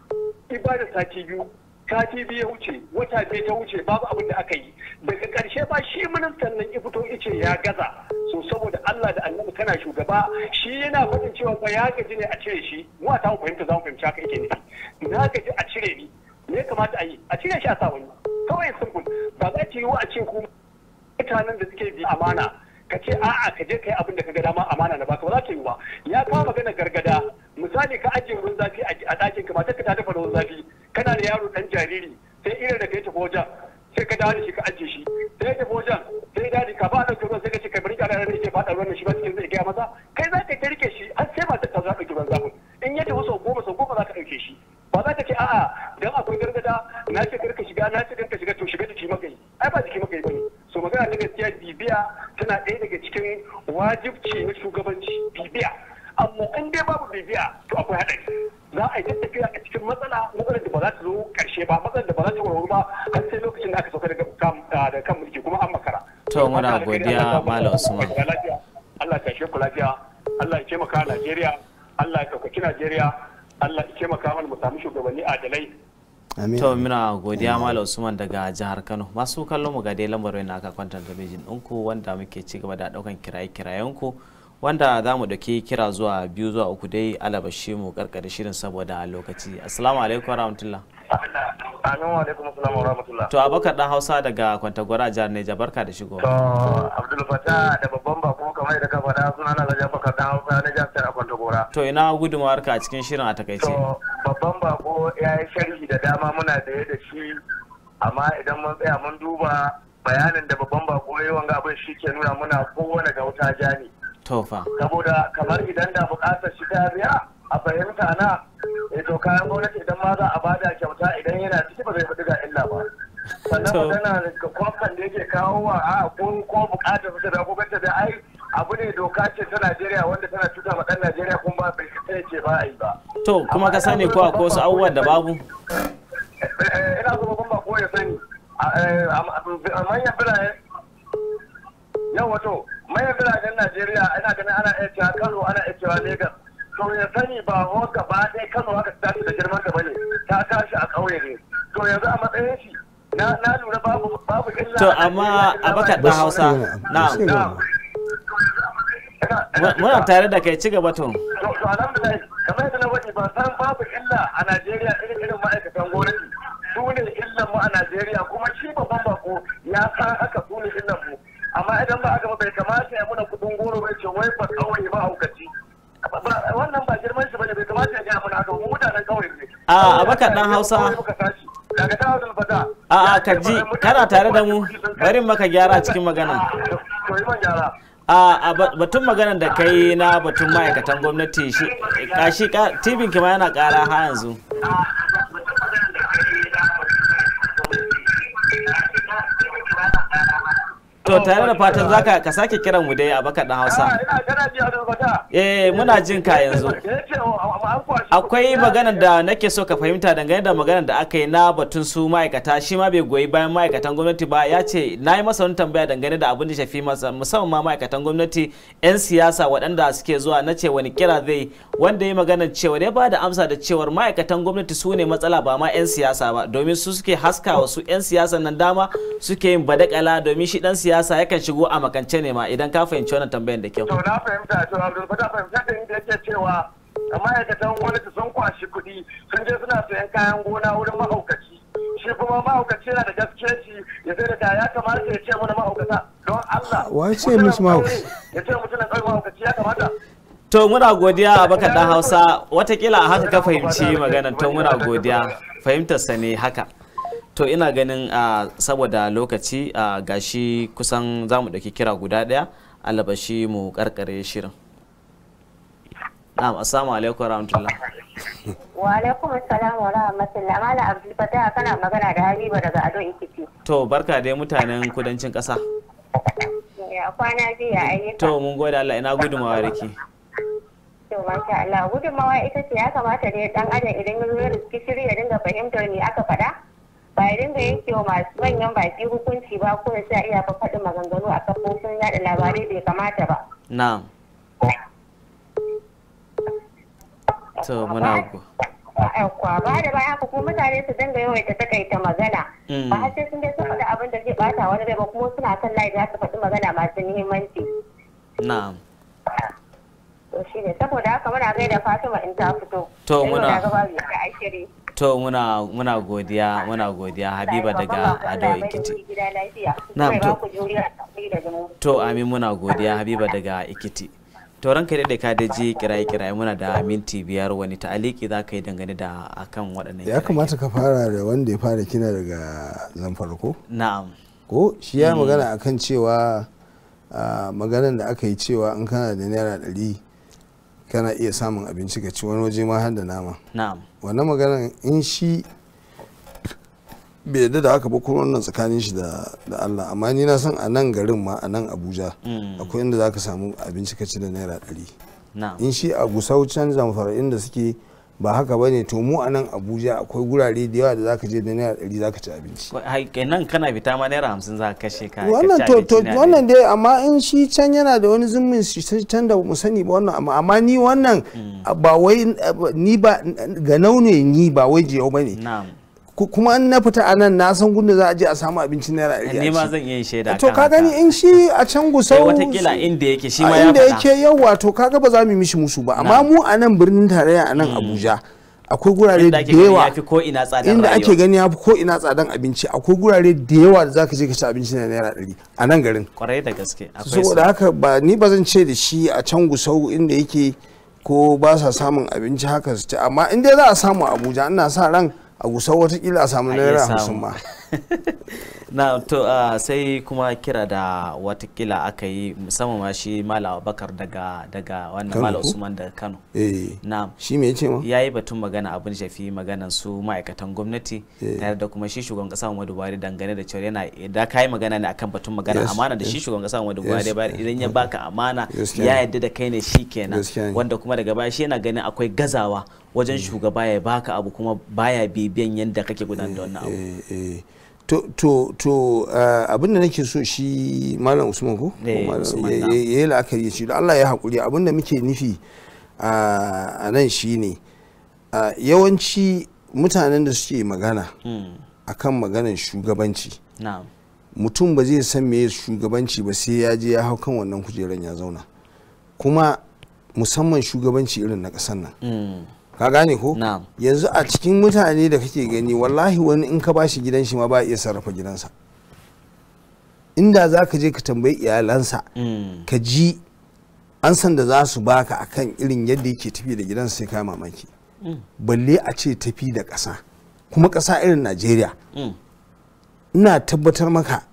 da sati biyu sati biyu ya wuce wata biyu ta wuce babu abin da aka yi daga ƙarshe ba shi ministan nan ya fito ice ya gaza so saboda Allah da annabi kana shugaba shi yana faɗin cewa ba ya gaji ne a cire shi mu ta fahimta za mu fahimci haka yake ne na gaji a cire ni me kamata a yi a cire shi a sa wani kawai simple ba za ki yi wa a ce ku mutanen da suke bi amana ka ce a'a ka je ka yi abin da ka ga dama amana na baka ba za ta yi ba ya kawo magana gargada misali ka ajiye ruwan zafi a ɗakin ka matar ka ta dafa ruwan zafi kana da yaro dan jariri sai irin da ka yi tafi wajen sai ka dawo da shi ka ajiye shi sai ya tafi wajen sai ya dawo ka ba a ɗauki ruwan sai ka ce ka bari ƙara ranar yake faɗa ruwan shi ba cikin zai gaya masa kai za ka rike shi an sai ba ta za ɗauki ruwan zafin in ya tafi sau goma sau goma za ka ɗauke shi ba za ka ce a'a dan akwai gargada na ce ka shiga na ce ka shiga to shiga jiki maka yi ai ba jiki maka yi ba ne to magana ne gaskiya bibiya tana ɗaya daga cikin wajibci na shugabanci bibiya amma in dai babu bibiya to akwai haɗari za a yi ta tafiya a cikin matsala matsalar da ba za ta zo ƙarshe ba matsalar da ba za ta warware ba har sai lokacin da aka sauka daga kan ah, mulki kuma an makara. to muna godiya malam usman. Allah ya kashe ku lafiya Allah ya taimaka Najeriya Allah ya ɗaukaki Najeriya Allah ya taimaka mana mu samu shugabanni adalai to muna godiya malam usman daga jihar kano masu kallon mu ga dai lambar na aka kwanta talabijin ɗinku wanda muke ci gaba da ɗaukan kiraye-kirayen ku wanda za mu dauki kira zuwa biyu zuwa uku dai alabashi mu karkare shirin saboda lokaci assalamu alaikum warahmatullahi Amin wa alaikum salam wa rahmatullah. To abakar dan Hausa daga Kwantagora jihar Neja barka da shigo. To Abdul Fatah da babban bako kamar da ka faɗa suna na gaji baka dan Hausa na jihar Tara Kwantagora. To ina gudumar ka cikin shirin a takaice. To babban bako ya yi sharhi da dama muna da da shi amma idan mun tsaya mun duba bayanin da babban bako ya yi wanga abin shi ke nuna muna kowane gauta jani. To fa. Saboda kamar idan da bukatar shi ta biya a fahimta na eh, to kayan gwamnati idan ma za a ba da kyauta idan yana ciki ba zai fi ga illa ba sannan magana da kwamfan da yake kawo wa a kun ko bukatar su da gwamnati da ai abu ne doka ce ta Najeriya wanda tana cuta ma dan Najeriya kun ba bai sai ce ba ai ba to kuma ka sani ko ko su abubuwan da babu eh, ina so ban ba ko ya sani a eh, manyan birane yau wato manyan biranen Najeriya ina ganin ana iya cewa Kano ana iya cewa Lagos to ya sani ba wa ba dai kano haka ta da girman da bane ta tashi a ƙauye ne to yanzu a matsayin shi na lura babu babu illa to amma a baka da Hausa na muna tare da kai ci gaba to to alhamdulillah kamar yadda na wani ba san babu illa a Najeriya irin irin ma'aikatan gwamnati su ne illan mu a Najeriya kuma shi babban bako ya san haka su ne illan mu amma idan ba aka ba bai kamata ya muna kudin goro bai ce wai ba kawai ba haukaci kamata ya gaya mana mutanen kauye ne a dan hausa a a kaji kana tare da mu bari maka gyara cikin magana to a batun magana da kai na batun ma'aikatan gwamnati shi kashi tibin kima yana kara ha yanzu To tare da fatan zaka ka sake kiran mu dai a baka dan Hausa. Eh muna jin ka yanzu. Oh, oh, Akwai magana da nake so ka fahimta dangane da magana da aka yi na batun su ma'aikata shi ma bai goyi bayan ma'aikatan gwamnati ba ya ce na yi masa wani tambaya dangane da abin da shafi masa musamman ma ma'aikatan gwamnati 'yan siyasa waɗanda suke zuwa na ce wani kira zai wanda ya magana cewa ya ba da amsa da cewar ma'aikatan gwamnati su ne matsala ba ma 'yan siyasa ba domin su suke haskawa su 'yan siyasa nan dama suke yin badakala domin shi dan siyasa siyasa yakan shigo a makance ne ma idan ka fahimci wannan tambayan da kyau. To na fahimta to Abdul Fatah fahimta da inda yake cewa wani gwamnati sun kwashi kuɗi sun je suna sayan kayan gona wurin mahaukaci. Shi kuma mahaukaci yana da gaske shi ya zai da ta ya kamata ya ce mana mahaukata don Allah. Wai ce musu mahaukaci? Ya ce mutum na ɗauki mahaukaci ya kamata. To muna godiya a baka dan Hausa watakila a haka ka fahimci maganar to muna godiya fahimtar sa ne haka. to ina ganin uh, saboda lokaci uh, gashi kusan za mu ɗauki kira guda ɗaya alabashi mu karkare shirin na'am assalamu alaikum rahmatullah wa alaikum assalam wa rahmatullah mala abdul fatah kana magana da habiba daga ado ikiti to barka dai mutanen kudancin kasa. ya kwana biya ayyuka to mun gode Allah ina gudumawa riki to masha Allah gudumawa ita ce ya kamata ne dan adam idan ya zo ya riski shiri ya dinga fahimtar me aka faɗa ba idan da yake wa masu manyan baki hukunci ba ko da sai iya faɗi maganganu a kafofin yaɗa labarai bai kamata ba. Na'am. To muna ku. ba da baya ku kuma mutane su dinga yawaita takaita magana. Mm. Ba har sai sun dai sun faɗi abin da zai ɓata wani bai ba kuma suna kan layi za su faɗi magana masu muhimmanci. Na'am. To shi ne saboda haka muna gaida Fatima in ta fito. To muna. Ina gaba da to muna muna godiya muna godiya habiba daga ado ikiti na'am to to amin muna godiya habiba daga ikiti to ranka da ka da ji kirai kirai muna da minti biyar wani ta'aliki za ka yi dangane da akan waɗannan ya kamata ka fara da wanda ya fara kina daga zan ko na'am ko shi ya mm. magana akan cewa maganan da aka yi cewa in kana da naira ɗari kana iya samun abinci ka ci wani waje ma har da nama na'am wannan maganan in shi bai yadda da aka ba wannan tsakanin shi da Allah amma ni na san a nan garin ma a nan Abuja hmm. akwai inda za ka samu abinci ka ci da naira ɗari in shi a gusau can zamfara inda suke ba haka ba ne to mu a nan abuja akwai gurare da yawa da zaka je da naira ɗari zaka ci abinci nan kana fita ma naira hamsin za ka kashe ka wannan to to wannan dai amma in shi can yana da wani zumin shi can da mu sani ba wannan amma amma ni wannan mm. ba wai ni ba ga naune ni ba wai jiyau ba ne kuma in na fita a nan na san gunda za a je a samu abincin naira ɗari ne ma zan iya shaida eh, to ka gani in shi a can gusau eh, watakila inda yake shi ma ya inda yake yawa to kaga ba za mu yi mishi musu ba amma mu a nan birnin tarayya a nan hmm. abuja akwai gurare da yawa inda ake gani ya fi ko ina tsadan abinci akwai gurare da yawa da zaka je ka ci abinci na naira ɗari a nan garin kwarai da gaske saboda haka ba ni ba zan ce da shi a can gusau inda yake ko ba sa samun abinci haka su ci amma in dai za a samu abuja ina sa ran a gusau watakila a samu naira hamsin ma na to uh, sai kuma kira da watakila aka yi musamman ma shi mala abubakar daga daga wannan mala usman daga kano eh. na shi mai ce ma yi batun magana abin shafi maganan su ma'aikatan gwamnati eh. tare da kuma shi shugaban kasa Muhammadu Buhari dangane da cewa yana da kai magana ne akan batun magana amana da shi shugaban kasa Muhammadu Buhari eh, idan ya baka amana ya yadda da kai ne shikenan wanda kuma daga baya shi yana ganin akwai gazawa wajen mm. shugaba ya baka abu kuma baya bibiyan yadda kake gudanar da wannan abu to to to eh, abin da nake so shi malam usman ko eh, ya yi la'akari ya ce allah ya haƙuri abin da muke nufi eh, a nan shi ne yawanci mutanen da suke magana hmm. A kan maganar shugabanci mutum ba zai san meye shugabanci ba sai ya je ya hau kan wannan kujeran ya zauna kuma musamman shugabanci irin na ƙasar nan hmm. ka gane ko yanzu a cikin mutane da kake gani wallahi wani in ka bashi gidan shi ma ba iya sarrafa gidansa inda za ka je ka tambayi iyalansa mm. ka ji an san da za su baka akan irin yadda yake tafi da gidansa sai ka mamaki mm. balle a ce tafi da ƙasa kuma ƙasa irin najeriya mm. ina tabbatar maka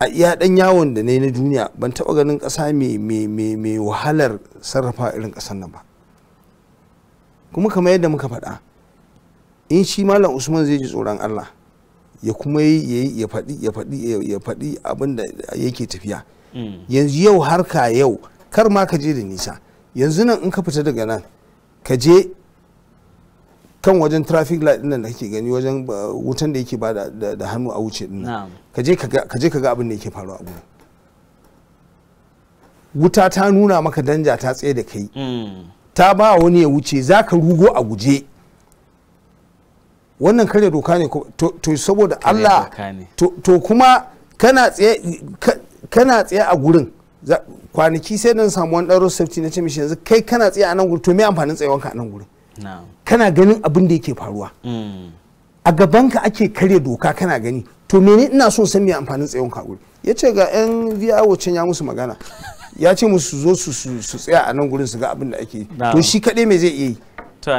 a iya ɗan yawon da na na duniya ban taɓa ganin ƙasa mai wahalar sarrafa irin ƙasar nan ba kuma kamar yadda muka faɗa in shi malam usman zai ji tsoron allah ya kuma ya ya faɗi ya faɗi ya faɗi abinda ya yake tafiya mm. yanzu yau har ka yau kar ma ka je da nisa yanzu nan in ka fita daga nan ka je kan wajen traffic light din da kake gani wajen wutan da yake ba da hannu a wuce din ka je ka ga abin da yake faruwa a gurin wuta ta nuna maka danja ta tsaye da kai mm. ta ba wani ya wuce za ka rugo a guje wannan kare doka ne to saboda allah to kuma kana tsaye a gurin kwanaki sai nan samu wani ɗaro safety na ce yanzu kai kana tsaye a nan gurin to me amfanin tsayawanka a nan gurin kana ganin abin da yake faruwa mm. a gabanka ake karya doka kana gani to mene ina so san me amfanin tsayawanka a gurin ya ce ga 'yan viya wacce ya musu magana ya ce musu zo su su tsaya a nan gurin su ga abin da ake to shi kaɗai me zai iya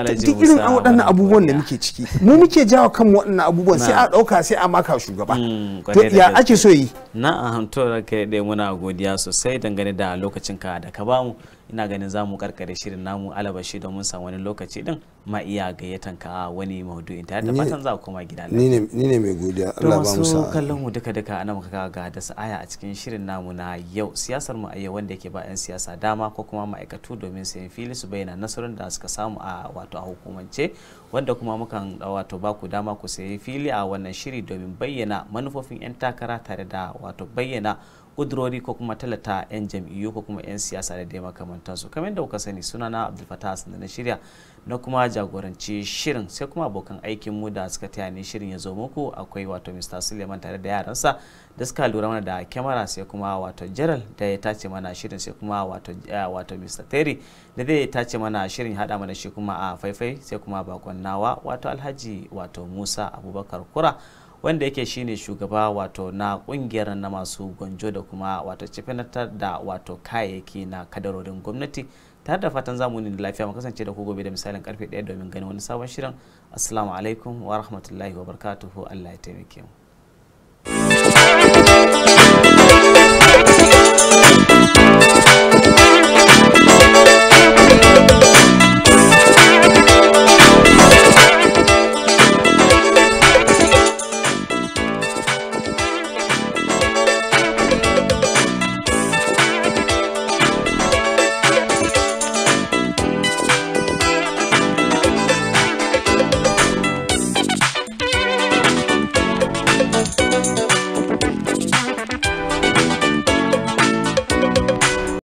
yi duk irin waɗannan abubuwan da muke ciki mu muke jawa kan waɗannan abubuwan sai a ɗauka sai a maka shugaba mm, to ya ake so yi na'am to kai dai muna godiya sosai dangane da lokacin ka da ka bamu ina ganin za mu karkare shirin namu alabashi don mun samu wani lokaci din ma iya gayyatan ka wani maudu'in ta da fatan za ku koma gida ni ne mai godiya Allah ba mu sa'a kallon mu duka duka ana muka ga da aya a cikin shirin namu na yau siyasar mu a yau wanda yake ba yan siyasa dama ko kuma ma'aikatu domin sayan fili su bayyana nasarorin da suka samu a wato a hukumance wanda kuma mukan wato ba ku dama ku sayi fili a wannan shiri domin bayyana manufofin yan takara tare da wato bayyana kudurori ko kuma talata 'yan jam'iyyu ko kuma 'yan siyasa da dai makamantansu kamar da kuka sani suna na abdul da na shirya na kuma jagoranci shirin sai kuma abokan aikin mu da suka taya ni shirin ya zo muku akwai wato mr suleiman tare da yaransa da suka lura mana da kyamara sai kuma wato jeral da ya tace mana shirin sai kuma wato eh, wato mr terry da ya tace mana shirin hada mana shi kuma a faifai sai kuma bakon nawa wato alhaji wato musa abubakar kura wanda yake shine shugaba wato na kungiyar na masu gwanjo da kuma wato cifinatar da wato kayayyaki na kadarorin gwamnati tare da fatan zamu da lafiya mu kasance da ku gobe da misalin karfe 1 domin ganin wani sabon shirin assalamu alaikum wa rahmatullahi wa barakatuhu Allah ya taimake mu